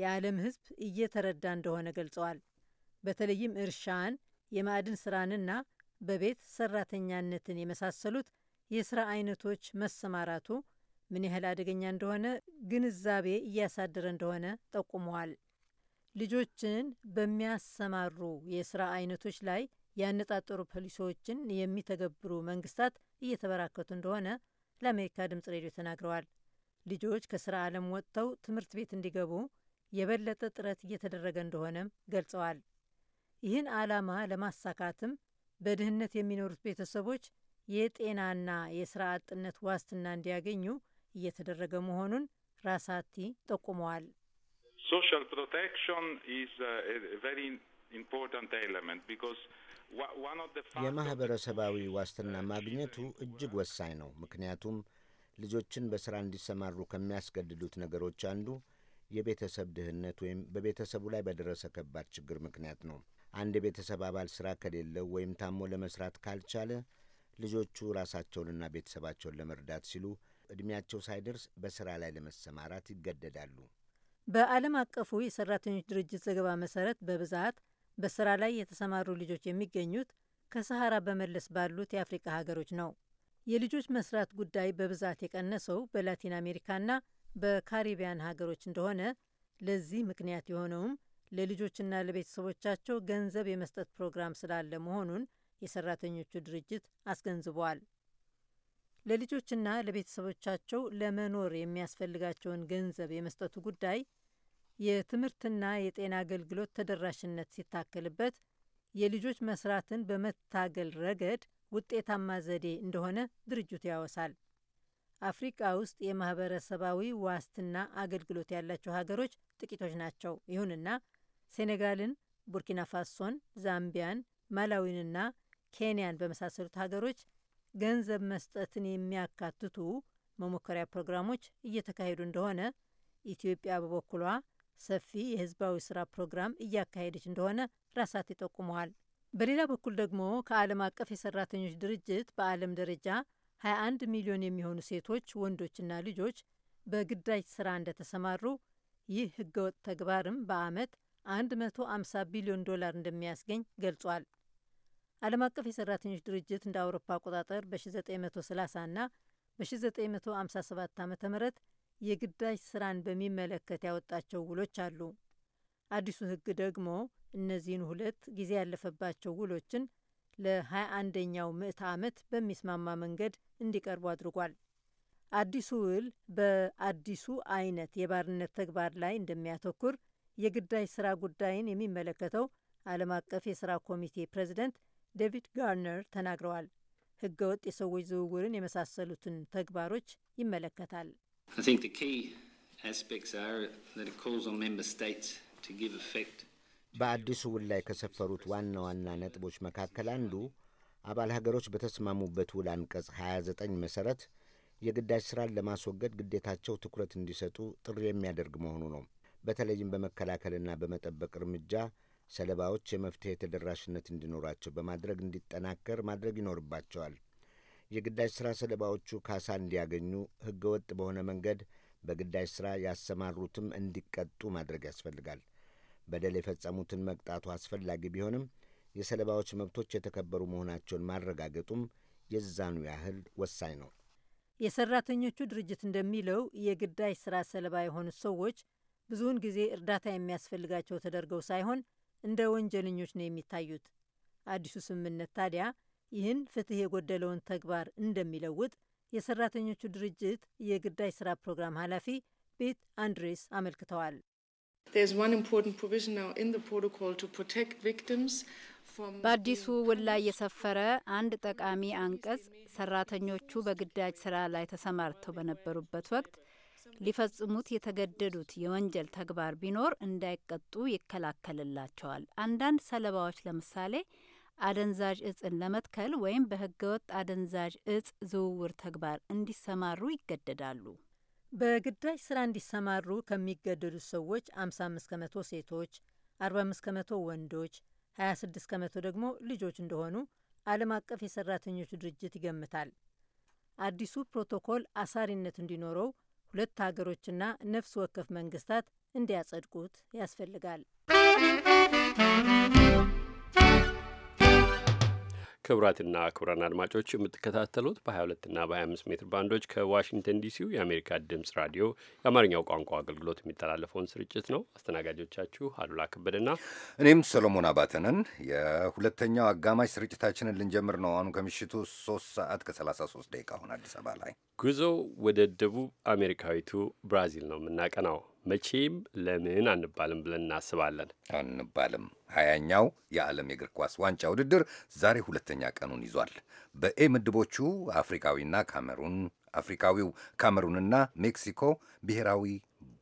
የዓለም ሕዝብ እየተረዳ እንደሆነ ገልጸዋል። በተለይም እርሻን፣ የማዕድን ስራንና በቤት ሰራተኛነትን የመሳሰሉት የስራ አይነቶች መሰማራቱ ምን ያህል አደገኛ እንደሆነ ግንዛቤ እያሳደረ እንደሆነ ጠቁመዋል። ልጆችን በሚያሰማሩ የስራ አይነቶች ላይ ያነጣጠሩ ፖሊሲዎችን የሚተገብሩ መንግስታት እየተበራከቱ እንደሆነ ለአሜሪካ ድምጽ ሬዲዮ ተናግረዋል። ልጆች ከስራ ዓለም ወጥተው ትምህርት ቤት እንዲገቡ የበለጠ ጥረት እየተደረገ እንደሆነም ገልጸዋል። ይህን ዓላማ ለማሳካትም በድህነት የሚኖሩት ቤተሰቦች የጤናና የስራ አጥነት ዋስትና እንዲያገኙ እየተደረገ መሆኑን ራሳቲ ጠቁመዋል። ሶሻል የማህበረሰባዊ ዋስትና uh, ማግኘቱ uh, እጅግ ወሳኝ ነው። ምክንያቱም ልጆችን በሥራ እንዲሰማሩ ከሚያስገድዱት ነገሮች አንዱ የቤተሰብ ድህነት ወይም በቤተሰቡ ላይ በደረሰ ከባድ ችግር ምክንያት ነው። አንድ የቤተሰብ አባል ስራ ከሌለው ወይም ታሞ ለመስራት ካልቻለ ልጆቹ ራሳቸውንና ቤተሰባቸውን ለመርዳት ሲሉ ዕድሜያቸው ሳይደርስ በስራ ላይ ለመሰማራት ይገደዳሉ። በዓለም አቀፉ የሰራተኞች ድርጅት ዘገባ መሰረት በብዛት በስራ ላይ የተሰማሩ ልጆች የሚገኙት ከሰሐራ በመለስ ባሉት የአፍሪቃ ሀገሮች ነው። የልጆች መስራት ጉዳይ በብዛት የቀነሰው በላቲን አሜሪካና በካሪቢያን ሀገሮች እንደሆነ ለዚህ ምክንያት የሆነውም ለልጆችና ለቤተሰቦቻቸው ገንዘብ የመስጠት ፕሮግራም ስላለ መሆኑን የሰራተኞቹ ድርጅት አስገንዝቧል። ለልጆችና ለቤተሰቦቻቸው ለመኖር የሚያስፈልጋቸውን ገንዘብ የመስጠቱ ጉዳይ የትምህርትና የጤና አገልግሎት ተደራሽነት ሲታከልበት የልጆች መስራትን በመታገል ረገድ ውጤታማ ዘዴ እንደሆነ ድርጅቱ ያወሳል። አፍሪቃ ውስጥ የማህበረሰባዊ ዋስትና አገልግሎት ያላቸው ሀገሮች ጥቂቶች ናቸው። ይሁንና ሴኔጋልን፣ ቡርኪና ፋሶን፣ ዛምቢያን፣ ማላዊንና ኬንያን በመሳሰሉት ሀገሮች ገንዘብ መስጠትን የሚያካትቱ መሞከሪያ ፕሮግራሞች እየተካሄዱ እንደሆነ፣ ኢትዮጵያ በበኩሏ ሰፊ የህዝባዊ ስራ ፕሮግራም እያካሄደች እንደሆነ ራሳት ይጠቁመዋል። በሌላ በኩል ደግሞ ከዓለም አቀፍ የሰራተኞች ድርጅት በዓለም ደረጃ 21 ሚሊዮን የሚሆኑ ሴቶች ወንዶችና ልጆች በግዳጅ ስራ እንደተሰማሩ፣ ይህ ህገወጥ ተግባርም በአመት 150 ቢሊዮን ዶላር እንደሚያስገኝ ገልጿል። ዓለም አቀፍ የሰራተኞች ድርጅት እንደ አውሮፓ አቆጣጠር በ1930 እና በ1957 ዓ ም የግዳጅ ስራን በሚመለከት ያወጣቸው ውሎች አሉ። አዲሱ ህግ ደግሞ እነዚህን ሁለት ጊዜ ያለፈባቸው ውሎችን ለ21ኛው ምዕተ ዓመት በሚስማማ መንገድ እንዲቀርቡ አድርጓል። አዲሱ ውል በአዲሱ አይነት የባርነት ተግባር ላይ እንደሚያተኩር የግዳጅ ስራ ጉዳይን የሚመለከተው ዓለም አቀፍ የስራ ኮሚቴ ፕሬዚደንት ዴቪድ ጋርነር ተናግረዋል። ህገወጥ የሰዎች ዝውውርን የመሳሰሉትን ተግባሮች ይመለከታል። I think the key aspects are that it calls on member states to give effect በአዲሱ ውል ላይ ከሰፈሩት ዋና ዋና ነጥቦች መካከል አንዱ አባል ሀገሮች በተስማሙበት ውል አንቀጽ 29 መሠረት የግዳጅ ሥራን ለማስወገድ ግዴታቸው ትኩረት እንዲሰጡ ጥሪ የሚያደርግ መሆኑ ነው። በተለይም በመከላከልና በመጠበቅ እርምጃ ሰለባዎች የመፍትሔ ተደራሽነት እንዲኖራቸው በማድረግ እንዲጠናከር ማድረግ ይኖርባቸዋል። የግዳጅ ሥራ ሰለባዎቹ ካሳ እንዲያገኙ፣ ሕገ ወጥ በሆነ መንገድ በግዳጅ ሥራ ያሰማሩትም እንዲቀጡ ማድረግ ያስፈልጋል። በደል የፈጸሙትን መቅጣቱ አስፈላጊ ቢሆንም የሰለባዎች መብቶች የተከበሩ መሆናቸውን ማረጋገጡም የዛኑ ያህል ወሳኝ ነው። የሰራተኞቹ ድርጅት እንደሚለው የግዳጅ ስራ ሰለባ የሆኑት ሰዎች ብዙውን ጊዜ እርዳታ የሚያስፈልጋቸው ተደርገው ሳይሆን እንደ ወንጀለኞች ነው የሚታዩት። አዲሱ ስምምነት ታዲያ ይህን ፍትህ የጎደለውን ተግባር እንደሚለውጥ የሰራተኞቹ ድርጅት የግዳጅ ስራ ፕሮግራም ኃላፊ ቤት አንድሬስ አመልክተዋል። በአዲሱ ውል ላይ የሰፈረ አንድ ጠቃሚ አንቀጽ ሰራተኞቹ በግዳጅ ስራ ላይ ተሰማርተው በነበሩበት ወቅት ሊፈጽሙት የተገደዱት የወንጀል ተግባር ቢኖር እንዳይቀጡ ይከላከልላቸዋል። አንዳንድ ሰለባዎች ለምሳሌ አደንዛዥ እጽን ለመትከል ወይም በህገወጥ አደንዛዥ እጽ ዝውውር ተግባር እንዲሰማሩ ይገደዳሉ። በግዳጅ ስራ እንዲሰማሩ ከሚገደዱ ሰዎች 55 ከመቶ ሴቶች፣ 45 ከመቶ ወንዶች፣ 26 ከመቶ ደግሞ ልጆች እንደሆኑ ዓለም አቀፍ የሰራተኞች ድርጅት ይገምታል። አዲሱ ፕሮቶኮል አሳሪነት እንዲኖረው ሁለት ሀገሮችና ነፍስ ወከፍ መንግስታት እንዲያጸድቁት ያስፈልጋል። ክቡራትና ክቡራን አድማጮች የምትከታተሉት በ22ና በ25 ሜትር ባንዶች ከዋሽንግተን ዲሲው የአሜሪካ ድምፅ ራዲዮ የአማርኛው ቋንቋ አገልግሎት የሚተላለፈውን ስርጭት ነው። አስተናጋጆቻችሁ አሉላ ከበደና እኔም ሰሎሞን አባተንን። የሁለተኛው አጋማሽ ስርጭታችንን ልንጀምር ነው። አሁኑ ከምሽቱ 3 ሰዓት ከ33 ደቂቃ አሁን አዲስ አበባ ላይ ጉዞ ወደ ደቡብ አሜሪካዊቱ ብራዚል ነው የምናቀናው። መቼም ለምን አንባልም ብለን እናስባለን አንባልም። ሀያኛው የዓለም የእግር ኳስ ዋንጫ ውድድር ዛሬ ሁለተኛ ቀኑን ይዟል። በኤ ምድቦቹ አፍሪካዊና ካሜሩን አፍሪካዊው ካሜሩንና ሜክሲኮ ብሔራዊ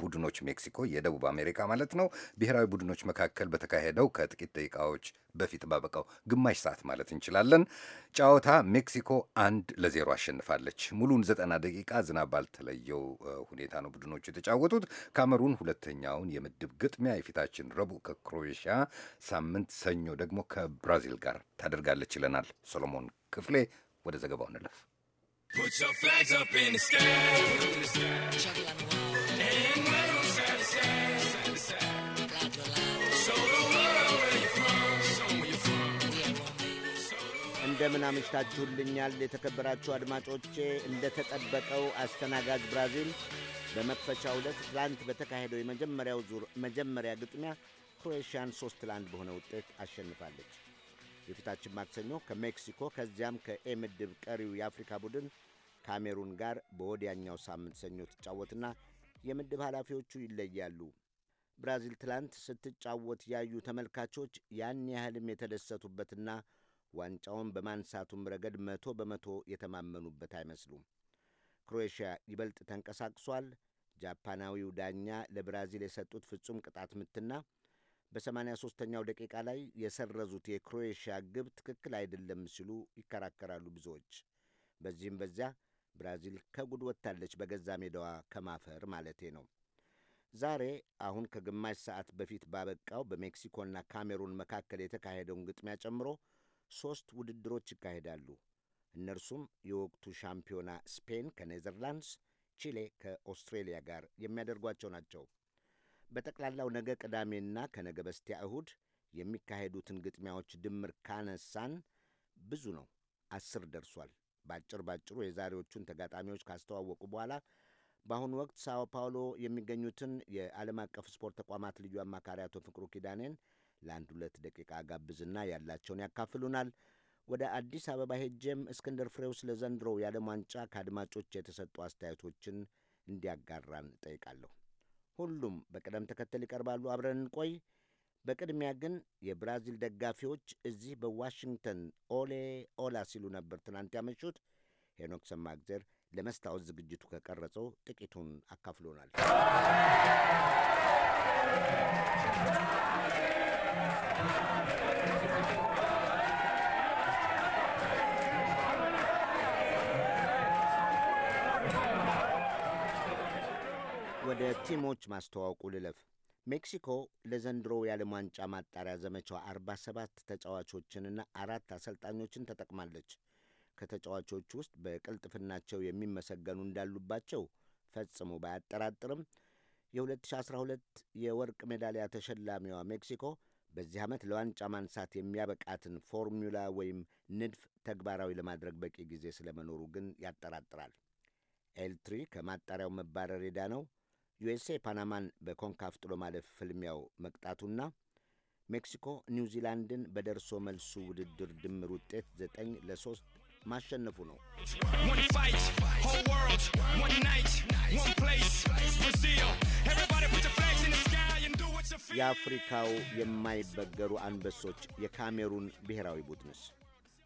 ቡድኖች ሜክሲኮ፣ የደቡብ አሜሪካ ማለት ነው፣ ብሔራዊ ቡድኖች መካከል በተካሄደው ከጥቂት ደቂቃዎች በፊት ባበቃው ግማሽ ሰዓት ማለት እንችላለን ጨዋታ ሜክሲኮ አንድ ለዜሮ አሸንፋለች። ሙሉን ዘጠና ደቂቃ ዝናብ ባልተለየው ሁኔታ ነው ቡድኖቹ የተጫወቱት። ካሜሩን ሁለተኛውን የምድብ ግጥሚያ የፊታችን ረቡዕ ከክሮኤሽያ ሳምንት ሰኞ ደግሞ ከብራዚል ጋር ታደርጋለች ይለናል ሶሎሞን ክፍሌ። ወደ ዘገባው እንለፍ። እንደምን አምሽታችሁልኛል የተከበራችሁ አድማጮቼ። እንደተጠበቀው አስተናጋጅ ብራዚል በመክፈቻ ሁለት ትላንት በተካሄደው የመጀመሪያው ዙር መጀመሪያ ግጥሚያ ክሮኤሽያን ሶስት ለአንድ በሆነ ውጤት አሸንፋለች። የፊታችን ማክሰኞ ከሜክሲኮ ከዚያም ከኤ ምድብ ቀሪው የአፍሪካ ቡድን ካሜሩን ጋር በወዲያኛው ሳምንት ሰኞ ትጫወትና የምድብ ኃላፊዎቹ ይለያሉ። ብራዚል ትላንት ስትጫወት ያዩ ተመልካቾች ያን ያህልም የተደሰቱበትና ዋንጫውን በማንሳቱም ረገድ መቶ በመቶ የተማመኑበት አይመስሉም። ክሮኤሽያ ይበልጥ ተንቀሳቅሷል። ጃፓናዊው ዳኛ ለብራዚል የሰጡት ፍጹም ቅጣት ምትና በ83ኛው ደቂቃ ላይ የሰረዙት የክሮኤሽያ ግብ ትክክል አይደለም ሲሉ ይከራከራሉ ብዙዎች። በዚህም በዚያ ብራዚል ከጉድ ወጥታለች፣ በገዛ ሜዳዋ ከማፈር ማለቴ ነው። ዛሬ አሁን ከግማሽ ሰዓት በፊት ባበቃው በሜክሲኮና ካሜሩን መካከል የተካሄደውን ግጥሚያ ጨምሮ ሦስት ውድድሮች ይካሄዳሉ። እነርሱም የወቅቱ ሻምፒዮና ስፔን ከኔዘርላንድስ፣ ቺሌ ከኦስትሬሊያ ጋር የሚያደርጓቸው ናቸው። በጠቅላላው ነገ ቅዳሜና ከነገ በስቲያ እሁድ የሚካሄዱትን ግጥሚያዎች ድምር ካነሳን ብዙ ነው፣ አስር ደርሷል። ባጭር ባጭሩ የዛሬዎቹን ተጋጣሚዎች ካስተዋወቁ በኋላ በአሁኑ ወቅት ሳኦ ፓውሎ የሚገኙትን የዓለም አቀፍ ስፖርት ተቋማት ልዩ አማካሪ አቶ ፍቅሩ ኪዳኔን ለአንድ ሁለት ደቂቃ ጋብዝና ያላቸውን ያካፍሉናል። ወደ አዲስ አበባ ሄጄም እስክንድር ፍሬው ስለ ዘንድሮው የዓለም ዋንጫ ከአድማጮች የተሰጡ አስተያየቶችን እንዲያጋራን ጠይቃለሁ። ሁሉም በቅደም ተከተል ይቀርባሉ። አብረን እንቆይ። በቅድሚያ ግን የብራዚል ደጋፊዎች እዚህ በዋሽንግተን ኦሌ ኦላ ሲሉ ነበር ትናንት ያመሹት። ሄኖክ ሰማእግዜር ለመስታወት ዝግጅቱ ከቀረጸው ጥቂቱን አካፍሎናል። ወደ ቲሞች ማስተዋወቁ ልለፍ። ሜክሲኮ ለዘንድሮ የዓለም ዋንጫ ማጣሪያ ዘመቻዋ 47 ተጫዋቾችንና አራት አሰልጣኞችን ተጠቅማለች። ከተጫዋቾቹ ውስጥ በቅልጥፍናቸው የሚመሰገኑ እንዳሉባቸው ፈጽሞ ባያጠራጥርም የ2012 የወርቅ ሜዳሊያ ተሸላሚዋ ሜክሲኮ በዚህ ዓመት ለዋንጫ ማንሳት የሚያበቃትን ፎርሙላ ወይም ንድፍ ተግባራዊ ለማድረግ በቂ ጊዜ ስለመኖሩ ግን ያጠራጥራል። ኤልትሪ ከማጣሪያው መባረር ሄዳ ነው ዩኤስኤ ፓናማን በኮንካፍ ጥሎ ማለፍ ፍልሚያው መቅጣቱና ሜክሲኮ ኒውዚላንድን በደርሶ መልሱ ውድድር ድምር ውጤት ዘጠኝ ለሶስት ማሸነፉ ነው። የአፍሪካው የማይበገሩ አንበሶች የካሜሩን ብሔራዊ ቡድንስ?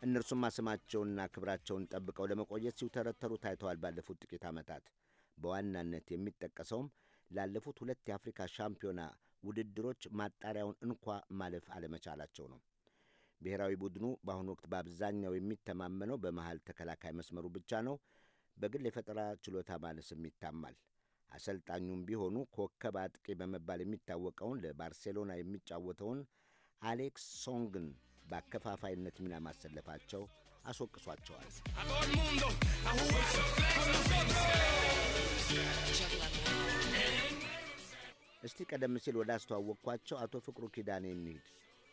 እነርሱማ ስማቸውና ክብራቸውን ጠብቀው ለመቆየት ሲውተረተሩ ታይተዋል። ባለፉት ጥቂት ዓመታት በዋናነት የሚጠቀሰውም ላለፉት ሁለት የአፍሪካ ሻምፒዮና ውድድሮች ማጣሪያውን እንኳ ማለፍ አለመቻላቸው ነው። ብሔራዊ ቡድኑ በአሁኑ ወቅት በአብዛኛው የሚተማመነው በመሃል ተከላካይ መስመሩ ብቻ ነው። በግል የፈጠራ ችሎታ ማነስም ይታማል። አሰልጣኙም ቢሆኑ ኮከብ አጥቂ በመባል የሚታወቀውን ለባርሴሎና የሚጫወተውን አሌክስ ሶንግን በአከፋፋይነት ሚና ማሰለፋቸው አስወቅሷቸዋል። እስቲ ቀደም ሲል አስተዋወቅኳቸው አቶ ፍቅሩ ኪዳኔ እንሂድ።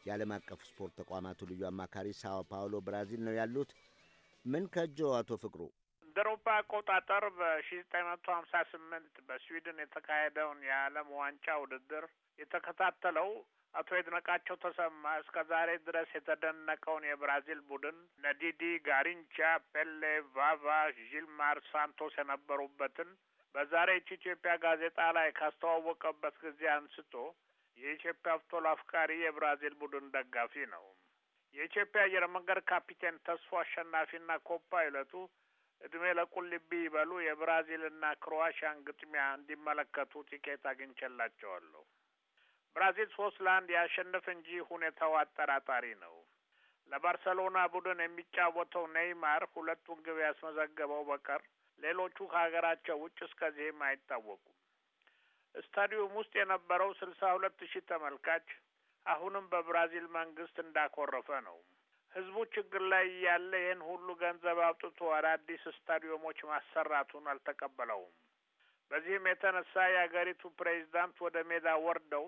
የዓለም አቀፍ ስፖርት ተቋማቱ ልዩ አማካሪ ሳዋ ፓውሎ ብራዚል ነው ያሉት። ምን ከጆ አቶ ፍቅሩ እንደ አውሮፓ አቆጣጠር በሺ ዘጠኝ መቶ ሀምሳ ስምንት በስዊድን የተካሄደውን የዓለም ዋንጫ ውድድር የተከታተለው አቶ የድነቃቸው ተሰማ እስከ ዛሬ ድረስ የተደነቀውን የብራዚል ቡድን ነዲዲ ጋሪንቻ፣ ፔሌ፣ ቫቫ፣ ዢልማር ሳንቶስ የነበሩበትን በዛሬች ኢትዮጵያ ጋዜጣ ላይ ካስተዋወቀበት ጊዜ አንስቶ የኢትዮጵያ ፉትቦል አፍቃሪ የብራዚል ቡድን ደጋፊ ነው። የኢትዮጵያ አየር መንገድ ካፒቴን ተስፎ አሸናፊና ኮፓይለቱ እድሜ ለቁልቢ ይበሉ የብራዚልና ክሮዋሽያን ግጥሚያ እንዲመለከቱ ቲኬት አግኝቼላቸዋለሁ። ብራዚል ሶስት ለአንድ ያሸንፍ እንጂ ሁኔታው አጠራጣሪ ነው። ለባርሰሎና ቡድን የሚጫወተው ኔይማር ሁለቱን ግብ ያስመዘገበው በቀር ሌሎቹ ከሀገራቸው ውጭ እስከዚህም አይታወቁም። ስታዲየም ውስጥ የነበረው ስልሳ ሁለት ሺህ ተመልካች አሁንም በብራዚል መንግስት እንዳኮረፈ ነው። ህዝቡ ችግር ላይ እያለ ይህን ሁሉ ገንዘብ አውጥቶ አዳዲስ ስታዲዮሞች ማሰራቱን አልተቀበለውም። በዚህም የተነሳ የአገሪቱ ፕሬዚዳንት ወደ ሜዳ ወርደው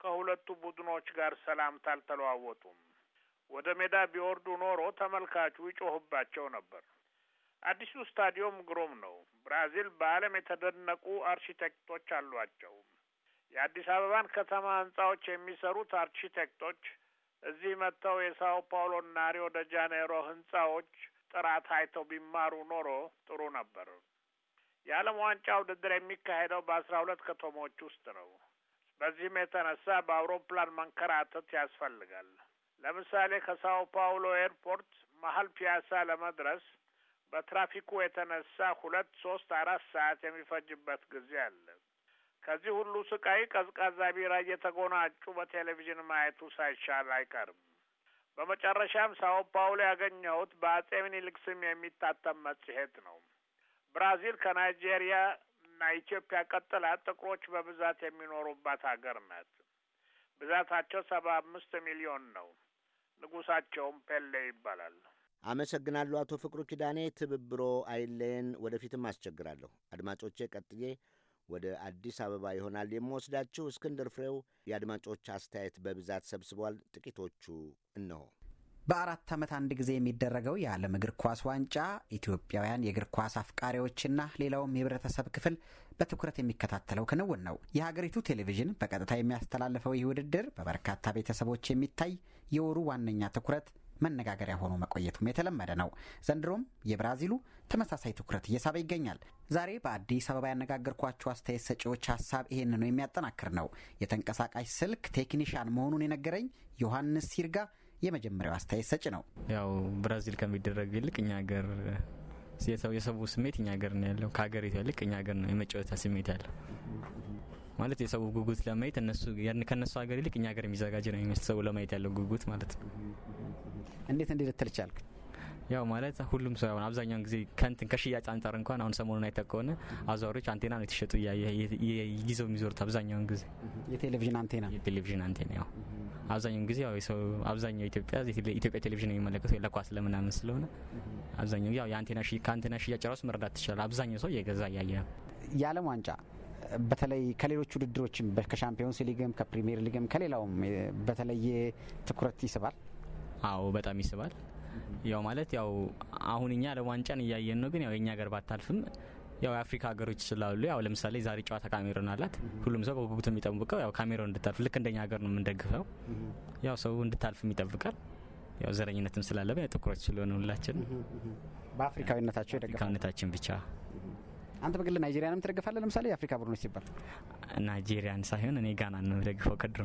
ከሁለቱ ቡድኖች ጋር ሰላምታ አልተለዋወጡም። ወደ ሜዳ ቢወርዱ ኖሮ ተመልካቹ ይጮህባቸው ነበር። አዲሱ ስታዲዮም ግሩም ነው። ብራዚል በዓለም የተደነቁ አርኪቴክቶች አሏቸው። የአዲስ አበባን ከተማ ህንጻዎች የሚሰሩት አርኪቴክቶች እዚህ መጥተው የሳው ፓውሎና ሪዮ ደ ጃኔሮ ህንጻዎች ጥራት አይተው ቢማሩ ኖሮ ጥሩ ነበር። የዓለም ዋንጫ ውድድር የሚካሄደው በአስራ ሁለት ከተሞች ውስጥ ነው። በዚህም የተነሳ በአውሮፕላን መንከራተት ያስፈልጋል። ለምሳሌ ከሳው ፓውሎ ኤርፖርት መሀል ፒያሳ ለመድረስ በትራፊኩ የተነሳ ሁለት ሶስት አራት ሰዓት የሚፈጅበት ጊዜ አለ። ከዚህ ሁሉ ስቃይ ቀዝቃዛ ቢራ እየተጎናጩ በቴሌቪዥን ማየቱ ሳይሻል አይቀርም። በመጨረሻም ሳኦ ፓውሎ ያገኘሁት በአጼ ምኒልክ ስም የሚታተም መጽሔት ነው። ብራዚል ከናይጄሪያ እና ኢትዮጵያ ቀጥላ ጥቁሮች በብዛት የሚኖሩባት ሀገር ናት። ብዛታቸው ሰባ አምስት ሚሊዮን ነው። ንጉሳቸውም ፔሌ ይባላል። አመሰግናለሁ አቶ ፍቅሩ ኪዳኔ። ትብብሮ አይለየን። ወደፊትም አስቸግራለሁ። አድማጮቼ ቀጥዬ ወደ አዲስ አበባ ይሆናል የምወስዳችሁ። እስክንድር ፍሬው የአድማጮች አስተያየት በብዛት ሰብስቧል። ጥቂቶቹ እነሆ። በአራት ዓመት አንድ ጊዜ የሚደረገው የዓለም እግር ኳስ ዋንጫ ኢትዮጵያውያን የእግር ኳስ አፍቃሪዎችና ሌላውም የህብረተሰብ ክፍል በትኩረት የሚከታተለው ክንውን ነው። የሀገሪቱ ቴሌቪዥን በቀጥታ የሚያስተላልፈው ይህ ውድድር በበርካታ ቤተሰቦች የሚታይ የወሩ ዋነኛ ትኩረት መነጋገሪያ ሆኖ መቆየቱም የተለመደ ነው። ዘንድሮም የብራዚሉ ተመሳሳይ ትኩረት እየሳበ ይገኛል። ዛሬ በአዲስ አበባ ያነጋገርኳቸው አስተያየት ሰጪዎች ሀሳብ ይህንኑ የሚያጠናክር ነው። የተንቀሳቃሽ ስልክ ቴክኒሽያን መሆኑን የነገረኝ ዮሐንስ ሲርጋ የመጀመሪያው አስተያየት ሰጪ ነው። ያው ብራዚል ከሚደረግ ይልቅ እኛ ሀገር የሰው ስሜት እኛ ሀገር ነው ያለው። ከሀገሪቷ ይልቅ እኛ ሀገር ነው የመጫወታ ስሜት ያለው ማለት የሰው ጉጉት ለማየት እነሱ ከእነሱ ሀገር ይልቅ እኛ ሀገር የሚዘጋጅ ነው የሚመስል ሰው ለማየት ያለው ጉጉት ማለት ነው። እንዴት እንዴት ልትል ቻልክ? ያው ማለት ሁሉም ሰው አሁን አብዛኛውን ጊዜ ከንትን ከሽያጭ አንጻር እንኳን አሁን ሰሞኑን አይተህ ከሆነ አዟሪዎች አንቴና ነው የተሸጡ ይዘው የሚዞሩት አብዛኛውን ጊዜ የቴሌቪዥን አንቴና የቴሌቪዥን አንቴና ያው አብዛኛውን ጊዜ ያው የሰው አብዛኛው ኢትዮጵያ ኢትዮጵያ ቴሌቪዥን የሚመለከተው ለኳስ ለምናምን ስለሆነ አብዛኛው ያው የአንቴና ከአንቴና ሽያጭ ራሱ መረዳት ትችላል። አብዛኛው ሰው እየገዛ እያየ ነው። የዓለም ዋንጫ በተለይ ከሌሎች ውድድሮችም ከሻምፒዮንስ ሊግም ከፕሪሚየር ሊግም ከሌላውም በተለየ ትኩረት ይስባል። አዎ በጣም ይስባል። ያው ማለት ያው አሁን እኛ ለዋንጫን እያየን ነው። ግን ያው የኛ ገር ባታልፍም ያው የአፍሪካ ሀገሮች ስላሉ ያው ለምሳሌ ዛሬ ጨዋታ ካሜሮን አላት። ሁሉም ሰው በጉጉት የሚጠብቀው ያው ካሜሮን እንድታልፍ ልክ እንደኛ ሀገር ነው የምንደግፈው። ያው ሰው እንድታልፍ ይጠብቃል። ያው ዘረኝነትም ስላለ ጥቁሮች ስለሆነ ሁላችን በአፍሪካዊነታቸው አፍሪካዊነታችን ብቻ። አንተ በግል ናይጄሪያንም ትደግፋለ ለምሳሌ የአፍሪካ ቡድኖች ሲባል ናይጄሪያን ሳይሆን እኔ ጋና ነው የምደግፈው ከድሮ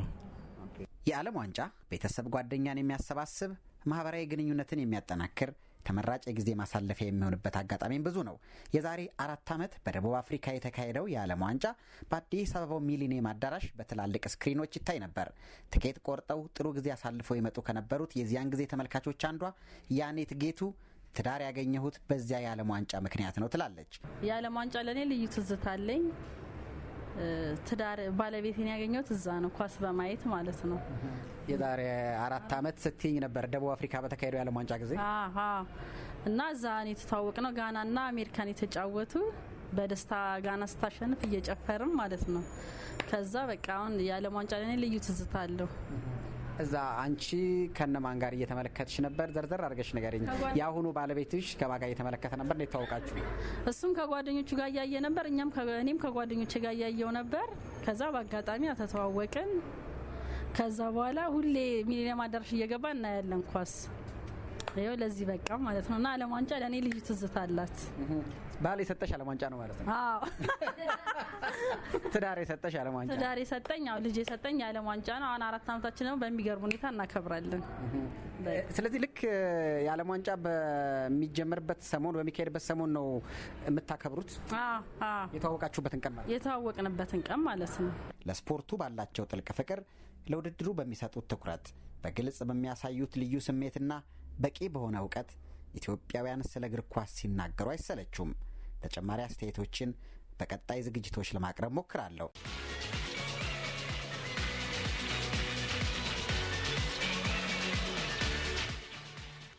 የዓለም ዋንጫ ቤተሰብ ጓደኛን የሚያሰባስብ ማህበራዊ ግንኙነትን የሚያጠናክር ተመራጭ የጊዜ ማሳለፊያ የሚሆንበት አጋጣሚም ብዙ ነው። የዛሬ አራት ዓመት በደቡብ አፍሪካ የተካሄደው የዓለም ዋንጫ በአዲስ አበባው ሚሊኒየም አዳራሽ በትላልቅ ስክሪኖች ይታይ ነበር። ትኬት ቆርጠው ጥሩ ጊዜ አሳልፈው የመጡ ከነበሩት የዚያን ጊዜ ተመልካቾች አንዷ ያኔት ጌቱ ትዳር ያገኘሁት በዚያ የዓለም ዋንጫ ምክንያት ነው ትላለች። የዓለም ዋንጫ ለእኔ ልዩ ትዝታለኝ ትዳር ባለቤቴን ያገኘሁት እዛ ነው፣ ኳስ በማየት ማለት ነው። የዛሬ አራት አመት ስትኝ ነበር ደቡብ አፍሪካ በተካሄደው የዓለም ዋንጫ ጊዜ እና እዛ ነው የተተዋወቅ ነው። ጋናና አሜሪካን የተጫወቱ በደስታ ጋና ስታሸንፍ እየጨፈርም ማለት ነው። ከዛ በቃ አሁን የዓለም ዋንጫ ላይ ልዩ ትዝታ አለው። እዛ አንቺ ከነማን ጋር እየተመለከትሽ ነበር? ዘርዘር አድርገሽ ንገሪኝ። የአሁኑ ባለቤትሽ ከማን ጋር እየተመለከተ ነበር? እንዴት ተዋወቃችሁ? እሱም ከጓደኞቹ ጋር እያየ ነበር፣ እኛም እኔም ከጓደኞቼ ጋር እያየው ነበር። ከዛ በአጋጣሚ አተተዋወቅን። ከዛ በኋላ ሁሌ ሚሊኒየም አዳራሽ እየገባ እናያለን ኳስ። ይኸው ለዚህ በቃ ማለት ነው። እና አለም ዋንጫ ለእኔ ልዩ ትዝታ አላት። ባል የሰጠሽ አለም ዋንጫ ነው ማለት ነው? ትዳር የሰጠሽ አለም ዋንጫ? ትዳር የሰጠኝ አዎ፣ ልጅ የሰጠኝ የአለም ዋንጫ ነው። አሁን አራት ዓመታችን ነው። በሚገርም ሁኔታ እናከብራለን። ስለዚህ ልክ የአለም ዋንጫ በሚጀመርበት ሰሞን በሚካሄድበት ሰሞን ነው የምታከብሩት? የተዋወቃችሁበትን ቀን ማለት የተዋወቅንበትን ቀን ማለት ነው። ለስፖርቱ ባላቸው ጥልቅ ፍቅር፣ ለውድድሩ በሚሰጡት ትኩረት፣ በግልጽ በሚያሳዩት ልዩ ስሜትና በቂ በሆነ እውቀት ኢትዮጵያውያን ስለ እግር ኳስ ሲናገሩ አይሰለችውም። ተጨማሪ አስተያየቶችን በቀጣይ ዝግጅቶች ለማቅረብ ሞክራለሁ።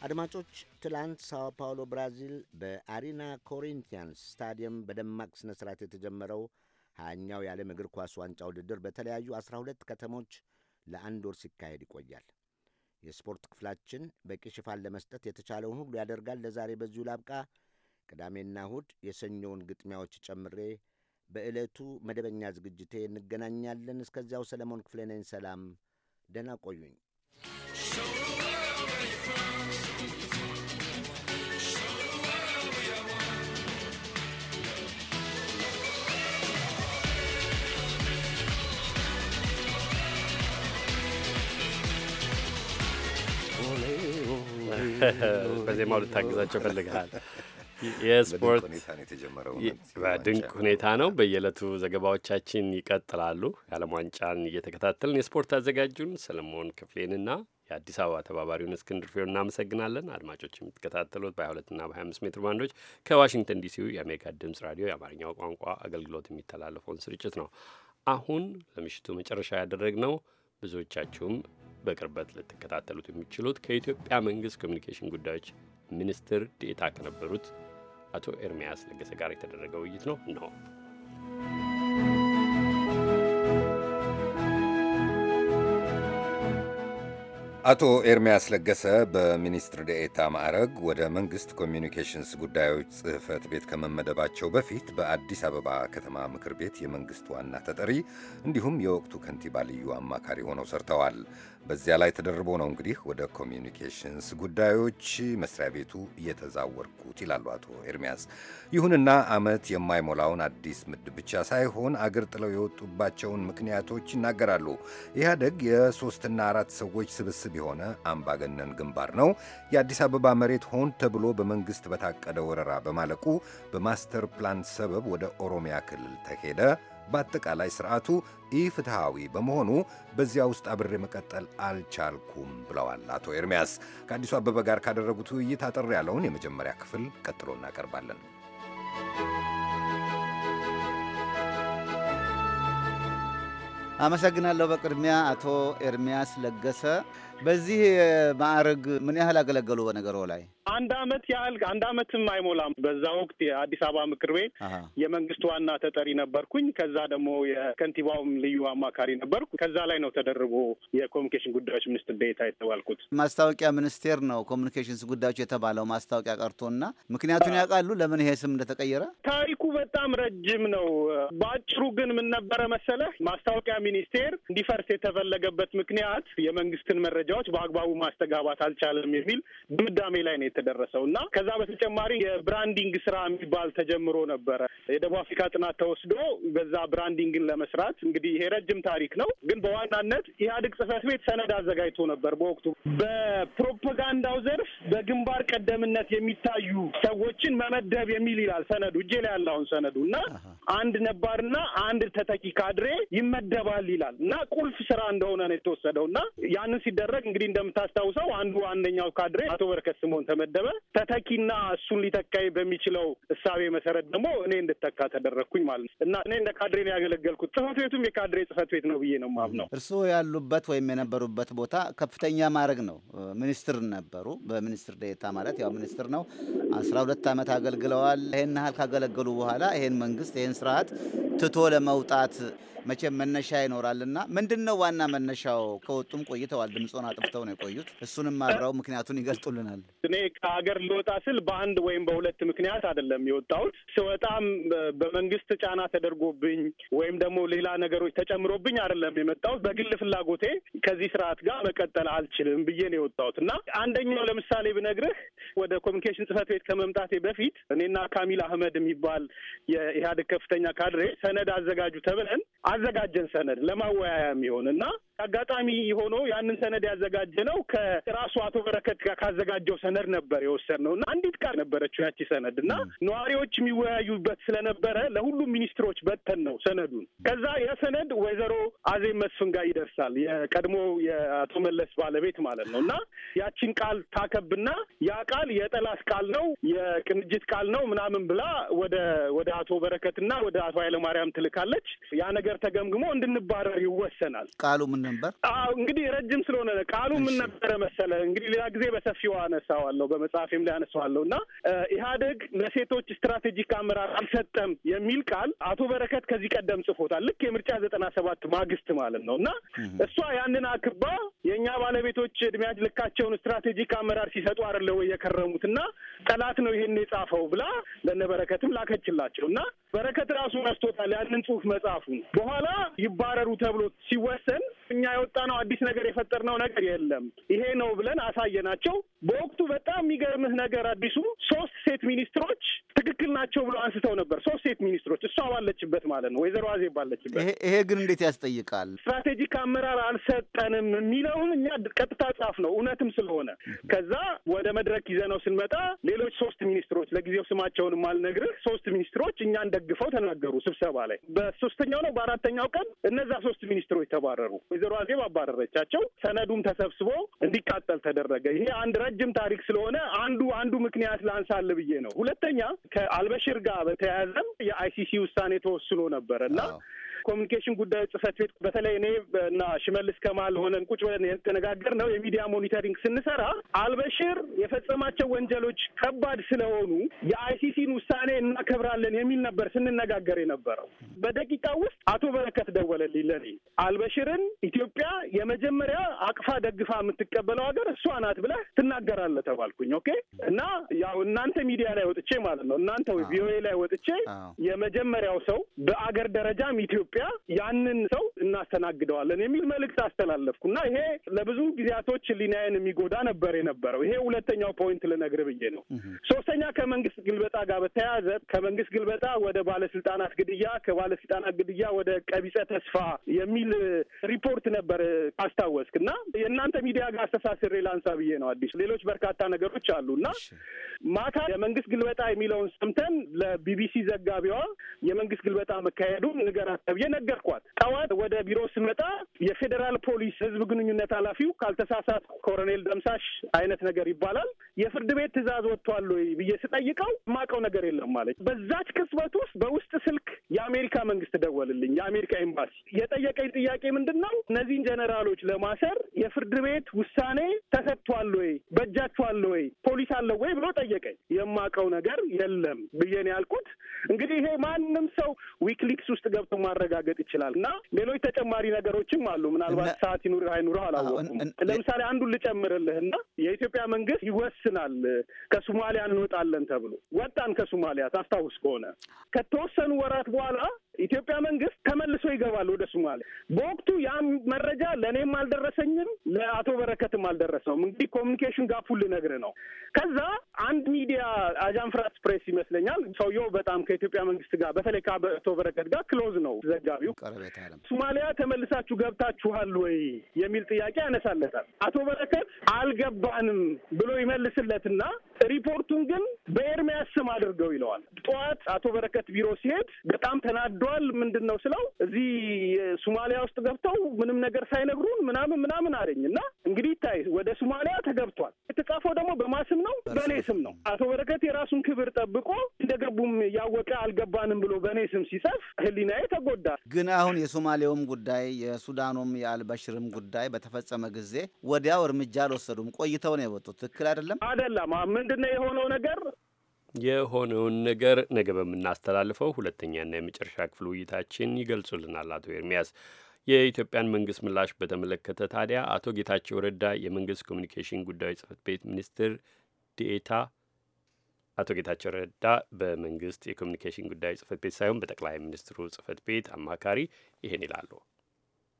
አድማጮች፣ ትላንት ሳኦ ፓውሎ ብራዚል በአሪና ኮሪንቲያንስ ስታዲየም በደማቅ ስነ ስርዓት የተጀመረው ሀያኛው የዓለም እግር ኳስ ዋንጫ ውድድር በተለያዩ ሁለት ከተሞች ለአንድ ወር ሲካሄድ ይቆያል። የስፖርት ክፍላችን በቂ ሽፋን ለመስጠት የተቻለውን ሁሉ ያደርጋል። ለዛሬ በዚሁ ላብቃ። ቅዳሜና እሁድ የሰኞውን ግጥሚያዎች ጨምሬ በዕለቱ መደበኛ ዝግጅቴ እንገናኛለን። እስከዚያው ሰለሞን ክፍሌ ነኝ። ሰላም፣ ደህና ቆዩኝ። በዜማው ልታግዛቸው ፈልግሃል። የስፖርት በድንቅ ሁኔታ ነው። በየዕለቱ ዘገባዎቻችን ይቀጥላሉ። የዓለም ዋንጫን እየተከታተልን የስፖርት አዘጋጁን ሰለሞን ክፍሌንና የአዲስ አበባ ተባባሪውን እስክንድር ፍሬው እናመሰግናለን። አድማጮች የምትከታተሉት በ 22 እና በ25 ሜትር ባንዶች ከዋሽንግተን ዲሲው የአሜሪካ ድምጽ ራዲዮ የአማርኛው ቋንቋ አገልግሎት የሚተላለፈውን ስርጭት ነው። አሁን ለምሽቱ መጨረሻ ያደረግነው ብዙዎቻችሁም በቅርበት ልትከታተሉት የሚችሉት ከኢትዮጵያ መንግስት ኮሚኒኬሽን ጉዳዮች ሚኒስትር ዴታ ከነበሩት አቶ ኤርሚያስ ለገሰ ጋር የተደረገ ውይይት ነው እንሆ አቶ ኤርሚያስ ለገሰ በሚኒስትር ደኤታ ማዕረግ ወደ መንግሥት ኮሚዩኒኬሽንስ ጉዳዮች ጽሕፈት ቤት ከመመደባቸው በፊት በአዲስ አበባ ከተማ ምክር ቤት የመንግሥት ዋና ተጠሪ እንዲሁም የወቅቱ ከንቲባ ልዩ አማካሪ ሆነው ሰርተዋል። በዚያ ላይ ተደርቦ ነው እንግዲህ ወደ ኮሚዩኒኬሽንስ ጉዳዮች መስሪያ ቤቱ እየተዛወርኩት ይላሉ አቶ ኤርሚያስ። ይሁንና ዓመት የማይሞላውን አዲስ ምድብ ብቻ ሳይሆን አገር ጥለው የወጡባቸውን ምክንያቶች ይናገራሉ። ኢህአደግ የሶስትና አራት ሰዎች ስብስብ የሆነ አምባገነን ግንባር ነው። የአዲስ አበባ መሬት ሆን ተብሎ በመንግሥት በታቀደ ወረራ በማለቁ በማስተር ፕላን ሰበብ ወደ ኦሮሚያ ክልል ተሄደ። በአጠቃላይ ስርዓቱ ኢፍትሐዊ በመሆኑ በዚያ ውስጥ አብሬ መቀጠል አልቻልኩም ብለዋል አቶ ኤርሚያስ። ከአዲሱ አበበ ጋር ካደረጉት ውይይት አጠር ያለውን የመጀመሪያ ክፍል ቀጥሎ እናቀርባለን። አመሰግናለሁ። በቅድሚያ አቶ ኤርሚያስ ለገሰ በዚህ ማዕረግ ምን ያህል አገለገሉ? በነገሮ ላይ አንድ አመት ያህል አንድ አመትም አይሞላም። በዛ ወቅት የአዲስ አበባ ምክር ቤት የመንግስት ዋና ተጠሪ ነበርኩኝ። ከዛ ደግሞ የከንቲባውም ልዩ አማካሪ ነበርኩ። ከዛ ላይ ነው ተደርቦ የኮሚኒኬሽን ጉዳዮች ሚኒስትር ዴታ የተባልኩት። ማስታወቂያ ሚኒስቴር ነው ኮሚኒኬሽንስ ጉዳዮች የተባለው ማስታወቂያ ቀርቶና፣ ምክንያቱን ያውቃሉ ለምን ይሄ ስም እንደተቀየረ? ታሪኩ በጣም ረጅም ነው። በአጭሩ ግን ምን ነበረ መሰለህ ማስታወቂያ ሚኒስቴር እንዲፈርስ የተፈለገበት ምክንያት የመንግስትን መረጃዎች በአግባቡ ማስተጋባት አልቻለም የሚል ድምዳሜ ላይ ነው የተደረሰው እና ከዛ በተጨማሪ የብራንዲንግ ስራ የሚባል ተጀምሮ ነበረ። የደቡብ አፍሪካ ጥናት ተወስዶ በዛ ብራንዲንግን ለመስራት እንግዲህ ይሄ ረጅም ታሪክ ነው፣ ግን በዋናነት ኢህአዴግ ጽህፈት ቤት ሰነድ አዘጋጅቶ ነበር። በወቅቱ በፕሮፓጋንዳው ዘርፍ በግንባር ቀደምነት የሚታዩ ሰዎችን መመደብ የሚል ይላል ሰነዱ። እጄ ላይ ያለውን ሰነዱ እና አንድ ነባርና አንድ ተተኪ ካድሬ ይመደባል ይላል እና ቁልፍ ስራ እንደሆነ ነው የተወሰደው እና ያንን ሲደረግ እንግዲህ እንደምታስታውሰው አንዱ አንደኛው ካድሬ አቶ በረከት ስምኦን ስለተደመደመ ተተኪና እሱን ሊተካይ በሚችለው እሳቤ መሰረት ደግሞ እኔ እንድተካ ተደረግኩኝ ማለት ነው እና እኔ እንደ ካድሬ ነው ያገለገልኩት። ጽህፈት ቤቱም የካድሬ ጽህፈት ቤት ነው ብዬ ነው የማምነው። እርስዎ ያሉበት ወይም የነበሩበት ቦታ ከፍተኛ ማድረግ ነው። ሚኒስትር ነበሩ። በሚኒስትር ዴኤታ ማለት ያው ሚኒስትር ነው። አስራ ሁለት ዓመት አገልግለዋል። ይህን ያህል ካገለገሉ በኋላ ይህን መንግስት ይህን ስርዓት ትቶ ለመውጣት መቼም መነሻ ይኖራልና ምንድን ነው ዋና መነሻው? ከወጡም ቆይተዋል። ድምፆን አጥፍተው ነው የቆዩት። እሱንም አብረው ምክንያቱን ይገልጡልናል። እኔ ከሀገር ልወጣ ስል በአንድ ወይም በሁለት ምክንያት አይደለም የወጣሁት። ስወጣም በመንግስት ጫና ተደርጎብኝ ወይም ደግሞ ሌላ ነገሮች ተጨምሮብኝ አይደለም የመጣሁት። በግል ፍላጎቴ ከዚህ ስርዓት ጋር መቀጠል አልችልም ብዬ ነው የወጣሁት እና አንደኛው ለምሳሌ ብነግርህ ወደ ኮሚኒኬሽን ጽህፈት ቤት ከመምጣቴ በፊት እኔና ካሚል አህመድ የሚባል የኢህአዴግ ከፍተኛ ካድሬ ሰነድ አዘጋጁ ተብለን ያዘጋጀን ሰነድ ለማወያያ የሚሆን እና አጋጣሚ ሆኖ ያንን ሰነድ ያዘጋጀ ነው ከራሱ አቶ በረከት ጋር ካዘጋጀው ሰነድ ነበር ነው እና አንዲት ቃል ነበረችው ያቺ ሰነድ እና ነዋሪዎች የሚወያዩበት ስለነበረ ለሁሉም ሚኒስትሮች በተን ነው ሰነዱን። ከዛ የሰነድ ወይዘሮ አዜብ መስፍን ጋር ይደርሳል። የቀድሞ የአቶ መለስ ባለቤት ማለት ነው እና ያቺን ቃል ታከብና ያ ቃል የጠላት ቃል ነው የቅንጅት ቃል ነው ምናምን ብላ ወደ ወደ አቶ በረከትና ወደ አቶ ኃይለማርያም ትልካለች። ያ ነገር ተገምግሞ እንድንባረር ይወሰናል። ቃሉ ምን ነበር? አዎ እንግዲህ ረጅም ስለሆነ ቃሉ ምን ነበረ መሰለ እንግዲህ ሌላ ጊዜ በሰፊው አነሳዋለሁ፣ በመጽሐፌም ላይ አነሳዋለሁ እና ኢህአዴግ ለሴቶች ስትራቴጂክ አመራር አልሰጠም የሚል ቃል አቶ በረከት ከዚህ ቀደም ጽፎታል። ልክ የምርጫ ዘጠና ሰባት ማግስት ማለት ነው እና እሷ ያንን አክባ የእኛ ባለቤቶች እድሜያጅ ልካቸውን ስትራቴጂክ አመራር ሲሰጡ አይደለ ወይ የከረሙት እና ጠላት ነው ይሄን የጻፈው ብላ ለነበረከትም ላከችላቸው እና በረከት ራሱ ረስቶታል ያንን ጽሁፍ መጽሐፉን። በኋላ ይባረሩ ተብሎ ሲወሰን እኛ የወጣነው አዲስ ነገር የፈጠርነው ነገር የለም፣ ይሄ ነው ብለን አሳየናቸው። በወቅቱ በጣም የሚገርምህ ነገር አዲሱ ሶስት ሴት ሚኒስትሮች ትክክል ናቸው ብሎ አንስተው ነበር። ሶስት ሴት ሚኒስትሮች እሷ ባለችበት ማለት ነው፣ ወይዘሮ አዜብ ባለችበት። ይሄ ግን እንዴት ያስጠይቃል? ስትራቴጂክ አመራር አልሰጠንም የሚለውን እኛ ቀጥታ ጻፍ ነው እውነትም ስለሆነ ከዛ ወደ መድረክ ይዘነው ስንመጣ ሌሎች ሶስት ሚኒስትሮች ለጊዜው ስማቸውንም አልነግርህ ሶስት ሚኒስትሮች እኛ እንደ ደግፈው ተናገሩ ስብሰባ ላይ። በሶስተኛው ነው በአራተኛው ቀን እነዛ ሶስት ሚኒስትሮች ተባረሩ። ወይዘሮ አዜብ አባረረቻቸው። ሰነዱም ተሰብስቦ እንዲቃጠል ተደረገ። ይሄ አንድ ረጅም ታሪክ ስለሆነ አንዱ አንዱ ምክንያት ላንሳል ብዬ ነው። ሁለተኛ ከአልበሽር ጋር በተያያዘም የአይሲሲ ውሳኔ ተወስኖ ነበር እና ኮሚኒኬሽን ጉዳዮች ጽህፈት ቤት በተለይ እኔ እና ሽመልስ ከማል ሆነን ቁጭ ብለን የተነጋገር ነው የሚዲያ ሞኒተሪንግ ስንሰራ አልበሽር የፈጸማቸው ወንጀሎች ከባድ ስለሆኑ የአይሲሲን ውሳኔ እናከብራለን የሚል ነበር ስንነጋገር የነበረው። በደቂቃ ውስጥ አቶ በረከት ደወለልኝ ለኔ። አልበሽርን ኢትዮጵያ የመጀመሪያ አቅፋ ደግፋ የምትቀበለው ሀገር እሷ ናት ብለህ ትናገራለህ ተባልኩኝ። ኦኬ እና ያው እናንተ ሚዲያ ላይ ወጥቼ ማለት ነው እናንተ ቪኦኤ ላይ ወጥቼ የመጀመሪያው ሰው በአገር ደረጃም ኢትዮጵያ ኢትዮጵያ ያንን ሰው እናስተናግደዋለን የሚል መልእክት አስተላለፍኩ እና ይሄ ለብዙ ጊዜያቶች ሊናየን የሚጎዳ ነበር የነበረው። ይሄ ሁለተኛው ፖይንት ልነግር ብዬ ነው። ሶስተኛ ከመንግስት ግልበጣ ጋር በተያያዘ ከመንግስት ግልበጣ ወደ ባለስልጣናት ግድያ፣ ከባለስልጣናት ግድያ ወደ ቀቢጸ ተስፋ የሚል ሪፖርት ነበር አስታወስክ እና የእናንተ ሚዲያ ጋር አስተሳስሬ ላንሳ ብዬ ነው አዲስ ሌሎች በርካታ ነገሮች አሉ እና ማታ የመንግስት ግልበጣ የሚለውን ሰምተን ለቢቢሲ ዘጋቢዋ የመንግስት ግልበጣ መካሄዱን ንገራት ተብዬ ነገርኳት። ጠዋት ወደ ቢሮ ስመጣ የፌዴራል ፖሊስ ህዝብ ግንኙነት ኃላፊው ካልተሳሳት ኮሎኔል ደምሳሽ አይነት ነገር ይባላል የፍርድ ቤት ትእዛዝ ወጥቷል ወይ ብዬ ስጠይቀው የማውቀው ነገር የለም ማለት። በዛች ቅጽበት ውስጥ በውስጥ ስልክ የአሜሪካ መንግስት ደወልልኝ፣ የአሜሪካ ኤምባሲ። የጠየቀኝ ጥያቄ ምንድን ነው? እነዚህን ጀነራሎች ለማሰር የፍርድ ቤት ውሳኔ ተሰጥቷል ወይ፣ በእጃችኋል ወይ፣ ፖሊስ አለው ወይ ብሎ ጠ ጠየቀኝ። የማውቀው ነገር የለም ብዬ ነው ያልኩት። እንግዲህ ይሄ ማንም ሰው ዊክሊክስ ውስጥ ገብቶ ማረጋገጥ ይችላል እና ሌሎች ተጨማሪ ነገሮችም አሉ። ምናልባት ሰዓት ይኑር አይኑረው አላወቁም። ለምሳሌ አንዱን ልጨምርልህ እና የኢትዮጵያ መንግስት ይወስናል ከሶማሊያ እንወጣለን ተብሎ ወጣን ከሶማሊያ ታስታውስ ከሆነ ከተወሰኑ ወራት በኋላ ኢትዮጵያ መንግስት ተመልሶ ይገባል ወደ ሶማሌ። በወቅቱ ያም መረጃ ለእኔም አልደረሰኝም፣ ለአቶ በረከትም አልደረሰውም። እንግዲህ ኮሚኒኬሽን ጋፑ ልነግር ነው። ከዛ አንድ ሚዲያ አጃንፍራስ ፕሬስ ይመስለኛል፣ ሰውየው በጣም ከኢትዮጵያ መንግስት ጋር በተለይ ከአቶ በረከት ጋር ክሎዝ ነው ዘጋቢው። ሶማሊያ ተመልሳችሁ ገብታችኋል ወይ የሚል ጥያቄ ያነሳለታል። አቶ በረከት አልገባንም ብሎ ይመልስለትና ሪፖርቱን ግን በኤርሚያስ ስም አድርገው ይለዋል። ጠዋት አቶ በረከት ቢሮ ሲሄድ በጣም ተናዷል። ምንድን ነው ስለው እዚህ ሱማሊያ ውስጥ ገብተው ምንም ነገር ሳይነግሩን ምናምን ምናምን አለኝ እና እንግዲህ ይታይ ወደ ሱማሊያ ተገብቷል። የተጻፈው ደግሞ በማ ስም ነው በእኔ ስም ነው። አቶ በረከት የራሱን ክብር ጠብቆ እንደገቡም እያወቀ አልገባንም ብሎ በእኔ ስም ሲሰፍ ህሊናዬ ተጎዳ። ግን አሁን የሶማሌውም ጉዳይ የሱዳኑም የአልባሽርም ጉዳይ በተፈጸመ ጊዜ ወዲያው እርምጃ አልወሰዱም። ቆይተው ነው የወጡት። ትክክል አይደለም አይደለም ምን ምንድነው የሆነው ነገር የሆነውን ነገር ነገ በምናስተላልፈው ሁለተኛና የመጨረሻ ክፍል ውይይታችን ይገልጹልናል አቶ ኤርሚያስ። የኢትዮጵያን መንግስት ምላሽ በተመለከተ ታዲያ አቶ ጌታቸው ረዳ የመንግስት ኮሚኒኬሽን ጉዳዮች ጽህፈት ቤት ሚኒስትር ዲኤታ አቶ ጌታቸው ረዳ በመንግስት የኮሚኒኬሽን ጉዳዮች ጽህፈት ቤት ሳይሆን በጠቅላይ ሚኒስትሩ ጽህፈት ቤት አማካሪ ይሄን ይላሉ።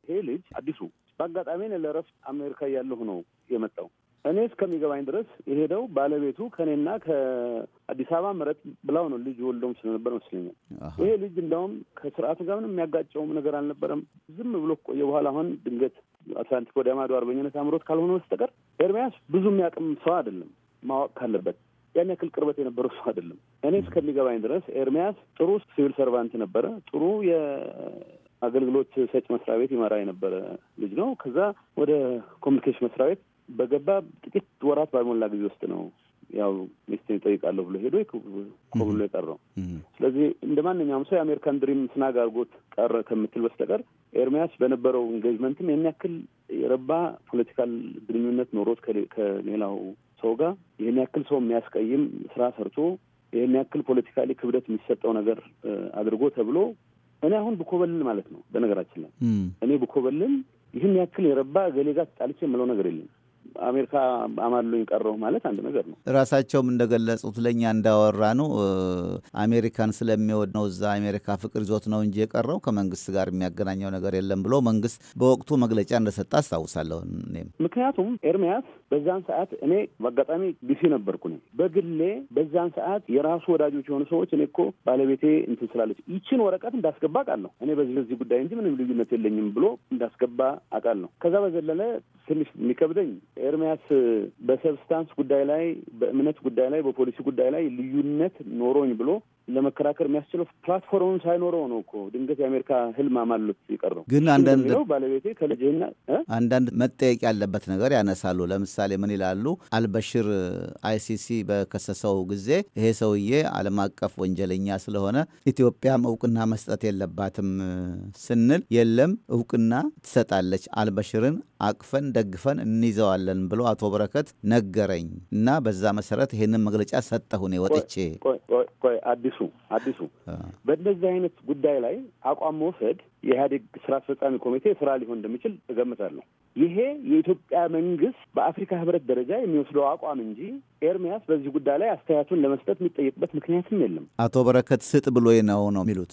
ይሄ ልጅ አዲሱ በአጋጣሚ ለረፍት አሜሪካ እያለሁ ነው የመጣው እኔ እስከሚገባኝ ድረስ የሄደው ባለቤቱ ከእኔና ከአዲስ አበባ ምረጥ ብላው ነው። ልጅ ወልዶም ስለነበር መስለኛል። ይሄ ልጅ እንደውም ከስርዓቱ ጋር ምንም የሚያጋጨውም ነገር አልነበረም። ዝም ብሎ ቆየ። በኋላ አሁን ድንገት አትላንቲክ ወደ ማዶ አርበኝነት አምሮት ካልሆነ በስተቀር ኤርሚያስ ብዙ የሚያቅም ሰው አይደለም። ማወቅ ካለበት ያን ያክል ቅርበት የነበረው ሰው አይደለም። እኔ እስከሚገባኝ ድረስ ኤርሚያስ ጥሩ ሲቪል ሰርቫንት ነበረ። ጥሩ የአገልግሎት ሰጭ መስሪያ ቤት ይመራ የነበረ ልጅ ነው። ከዛ ወደ ኮሚኒኬሽን መስሪያ ቤት በገባ ጥቂት ወራት ባልሞላ ጊዜ ውስጥ ነው ያው ሚስቴን እጠይቃለሁ ብሎ ሄዶ ብሎ የቀረው። ስለዚህ እንደ ማንኛውም ሰው የአሜሪካን ድሪም ስናግ አድርጎት ቀረ ከምትል በስተቀር ኤርሚያስ በነበረው ኢንጌጅመንትም ይህን ያክል የረባ ፖለቲካል ግንኙነት ኖሮት ከሌላው ሰው ጋር ይህን ያክል ሰው የሚያስቀይም ስራ ሰርቶ ይህን ያክል ፖለቲካሊ ክብደት የሚሰጠው ነገር አድርጎ ተብሎ እኔ አሁን ብኮበልን ማለት ነው። በነገራችን ላይ እኔ ብኮበልን ይህን ያክል የረባ ገሌ ጋር ተጣልቼ የምለው ነገር የለም። አሜሪካ አማሉኝ ቀረሁ ማለት አንድ ነገር ነው። ራሳቸውም እንደገለጹት ለእኛ እንዳወራ ነው አሜሪካን ስለሚወድ ነው እዛ አሜሪካ ፍቅር ይዞት ነው እንጂ የቀረው ከመንግስት ጋር የሚያገናኘው ነገር የለም ብሎ መንግስት በወቅቱ መግለጫ እንደሰጠ አስታውሳለሁ። እኔም ምክንያቱም ኤርሚያስ በዛን ሰዓት እኔ በአጋጣሚ ቢሲ ነበርኩ። ነ በግሌ በዛን ሰዓት የራሱ ወዳጆች የሆኑ ሰዎች እኔ እኮ ባለቤቴ እንትን ስላለች ይችን ወረቀት እንዳስገባ አውቃለሁ እኔ በዚህ በዚህ ጉዳይ እንጂ ምንም ልዩነት የለኝም ብሎ እንዳስገባ አውቃለሁ። ከዛ በዘለለ ትንሽ የሚከብደኝ ኤርሚያስ በሰብስታንስ ጉዳይ ላይ፣ በእምነት ጉዳይ ላይ፣ በፖሊሲ ጉዳይ ላይ ልዩነት ኖሮኝ ብሎ ለመከራከር የሚያስችለው ፕላትፎርም ሳይኖረው ነው እኮ ድንገት የአሜሪካ ህልም አማለት ይቀረው። ግን አንዳንድ ባለቤቴ ከልጅና አንዳንድ መጠየቅ ያለበት ነገር ያነሳሉ። ለምሳሌ ምን ይላሉ? አልበሽር አይሲሲ በከሰሰው ጊዜ ይሄ ሰውዬ ዓለም አቀፍ ወንጀለኛ ስለሆነ ኢትዮጵያም እውቅና መስጠት የለባትም ስንል የለም እውቅና ትሰጣለች፣ አልበሽርን አቅፈን ደግፈን እንይዘዋለን ብሎ አቶ በረከት ነገረኝ እና በዛ መሰረት ይህንን መግለጫ ሰጠሁ እኔ ወጥቼ። አዲሱ አዲሱ አዲሱ በእንደዚህ አይነት ጉዳይ ላይ አቋም መውሰድ የኢህአዴግ ስራ አስፈጻሚ ኮሚቴ ስራ ሊሆን እንደሚችል እገምታለሁ። ይሄ የኢትዮጵያ መንግስት በአፍሪካ ህብረት ደረጃ የሚወስደው አቋም እንጂ ኤርሚያስ በዚህ ጉዳይ ላይ አስተያየቱን ለመስጠት የሚጠየቅበት ምክንያትም የለም። አቶ በረከት ስጥ ብሎ ነው ነው የሚሉት።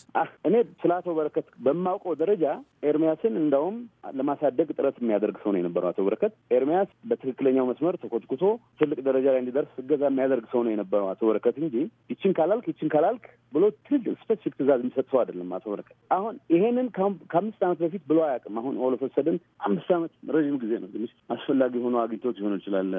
እኔ ስለ አቶ በረከት በማውቀው ደረጃ ኤርሚያስን እንዳውም ለማሳደግ ጥረት የሚያደርግ ሰው ነው የነበረው። አቶ በረከት ኤርሚያስ በትክክለኛው መስመር ተኮትኩቶ ትልቅ ደረጃ ላይ እንዲደርስ እገዛ የሚያደርግ ሰው ነው የነበረው አቶ በረከት እንጂ ይችን ካላልክ ይችን ካላልክ ብሎ ትልቅ ስፔሲፊክ ትእዛዝ የሚሰጥ ሰው አይደለም አቶ በረከት። አሁን ይሄንን ከአምስት ዓመት በፊት ብሎ አያውቅም። አሁን ኦሎፈሰደን አምስት ዓመት ረዥም ጊዜ ነው። ትንሽ አስፈላጊ ሆኖ አግኝቶት ሊሆን ይችላል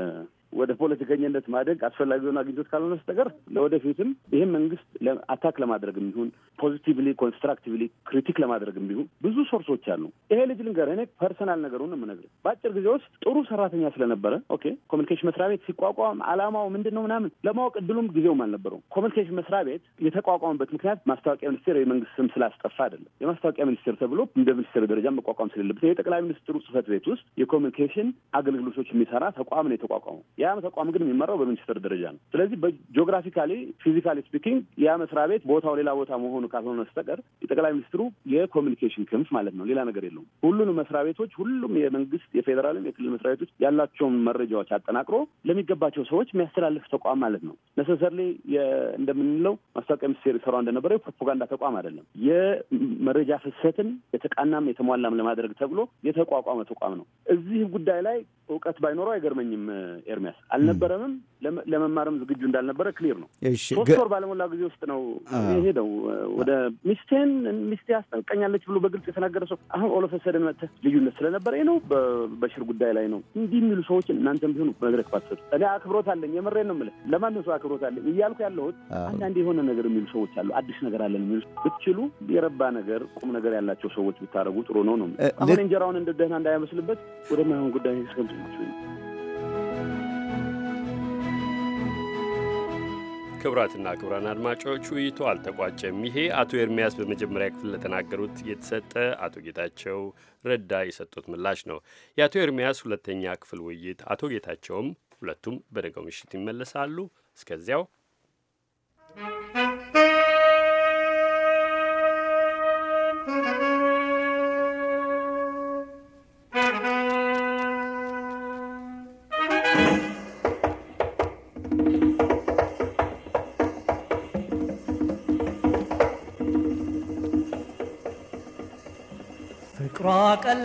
ወደ ፖለቲከኝነት ማደግ አስፈላጊውን አግኝቶት ካልሆነ በስተቀር ለወደፊትም ይህም መንግስት አታክ ለማድረግ የሚሆን ፖዚቲቭሊ ኮንስትራክቲቭሊ ክሪቲክ ለማድረግ የሚሆን ብዙ ሶርሶች አሉ። ይሄ ልጅ ልንገር፣ እኔ ፐርሰናል ነገሩን የምነግርህ በአጭር ጊዜ ውስጥ ጥሩ ሰራተኛ ስለነበረ ኦኬ፣ ኮሚኒኬሽን መስሪያ ቤት ሲቋቋም አላማው ምንድን ነው ምናምን ለማወቅ እድሉም ጊዜውም አልነበረው ኮሚኒኬሽን መስሪያ ቤት የተቋቋመበት ምክንያት ማስታወቂያ ሚኒስቴር የመንግስት ስም ስላስጠፋ አይደለም። የማስታወቂያ ሚኒስቴር ተብሎ እንደ ሚኒስቴር ደረጃ መቋቋም ስለሌለበት የጠቅላይ ሚኒስትሩ ጽህፈት ቤት ውስጥ የኮሚኒኬሽን አገልግሎቶች የሚሰራ ተቋም ነው የተቋቋመው። ያም ተቋም ግን የሚመራው በሚኒስትር ደረጃ ነው። ስለዚህ በጂኦግራፊካሊ ፊዚካሊ ስፒኪንግ ያ መስሪያ ቤት ቦታው ሌላ ቦታ መሆኑ ካልሆነ በስተቀር የጠቅላይ ሚኒስትሩ የኮሚኒኬሽን ክንፍ ማለት ነው። ሌላ ነገር የለውም። ሁሉንም መስሪያ ቤቶች፣ ሁሉም የመንግስት የፌዴራልም የክልል መስሪያ ቤቶች ያላቸውን መረጃዎች አጠናቅሮ ለሚገባቸው ሰዎች የሚያስተላልፍ ተቋም ማለት ነው። ነሰሰርሌ እንደምንለው ማስታወቂያ ሚኒስቴር ይሰራው እንደነበረ የፕሮፓጋንዳ ተቋም አይደለም። የመረጃ ፍሰትን የተቃናም የተሟላም ለማድረግ ተብሎ የተቋቋመ ተቋም ነው። እዚህ ጉዳይ ላይ እውቀት ባይኖረው አይገርመኝም። ኤርሚያስ አልነበረምም፣ ለመማርም ዝግጁ እንዳልነበረ ክሊር ነው። ሶስት ወር ባለሞላ ጊዜ ውስጥ ነው የሄደው ወደ ሚስቴን ሚስቴ አስጠንቀኛለች ብሎ በግልጽ የተናገረ ሰው አሁን ኦሎፈሰደን መጥተህ ልዩነት ስለነበረ ነው በሽር ጉዳይ ላይ ነው እንዲህ የሚሉ ሰዎች እናንተም ቢሆኑ መድረክ ባትሰጡ። እኔ አክብሮት አለኝ፣ የምሬን ነው የምልህ፣ ለማንም ሰው አክብሮት አለኝ እያልኩ ያለሁት አንዳንድ የሆነ ነገር የሚሉ ሰዎች አሉ። አዲስ ነገር አለን የሚሉ ብትችሉ የረባ ነገር ቁም ነገር ያላቸው ሰዎች ብታደረጉ ጥሩ ነው ነው አሁን እንጀራውን እንደደህና እንዳያመስልበት ወደማይሆን ጉዳይ ስገብ አድማጮች ክቡራትና ክቡራን አድማጮች ውይይቱ አልተቋጨም። ይሄ አቶ ኤርሚያስ በመጀመሪያ ክፍል ለተናገሩት የተሰጠ አቶ ጌታቸው ረዳ የሰጡት ምላሽ ነው። የአቶ ኤርሚያስ ሁለተኛ ክፍል ውይይት አቶ ጌታቸውም ሁለቱም በነገው ምሽት ይመለሳሉ። እስከዚያው Thank you.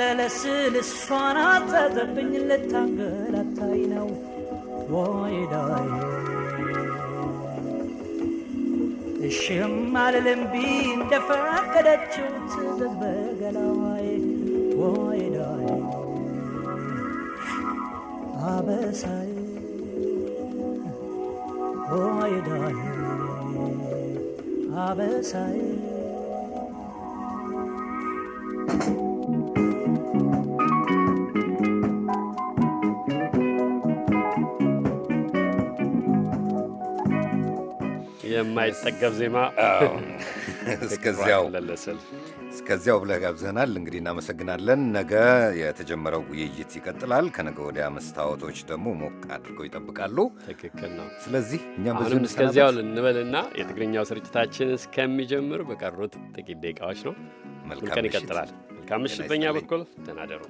ለለስል እሷን አጠጠብኝ ልታንገላታይ ነው ወይዳይ እሽም አልልምቢ እንደፈቀደችው ወይዳይ አበሳይ ወይዳይ አበሳይ የማይጠገብ ዜማ እስከዚያው እስከዚያው ብለህ ጋብዘናል። እንግዲህ እናመሰግናለን። ነገ የተጀመረው ውይይት ይቀጥላል። ከነገ ወዲያ መስታወቶች ደግሞ ሞቅ አድርገው ይጠብቃሉ። ትክክል ነው። ስለዚህ እኛም ብዙ እስከዚያው ልንበልና የትግርኛው ስርጭታችን እስከሚጀምር በቀሩት ጥቂት ደቂቃዎች ነው። መልካም ይቀጥላል። መልካም ምሽት በእኛ በኩል ደህና ደሩ።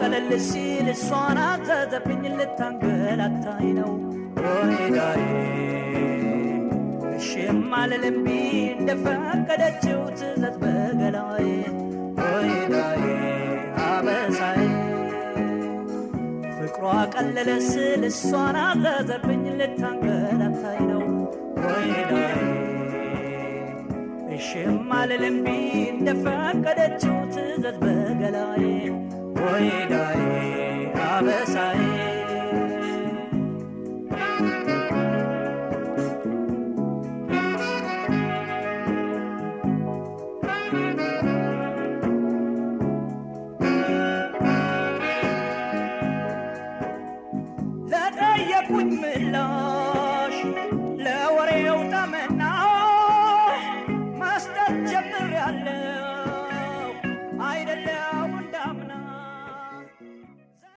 ቀለል ሲል እሷን አዘዘብኝ ልታንገላታይ ነው ወይዳዬ እሽም አልልምቢ እንደፈቀደችው ትዘት በገላዬ ወይዳዬ አበሳዬ ፍቅሯ ቀለለ ስል እሷን አዘዘብኝ ልታንገላታይ ነው ወይዳዬ እሽም አልልምቢ እንደፈቀደችው ትዘት በገላዬ ሆይ ዳዬ አበሳዬ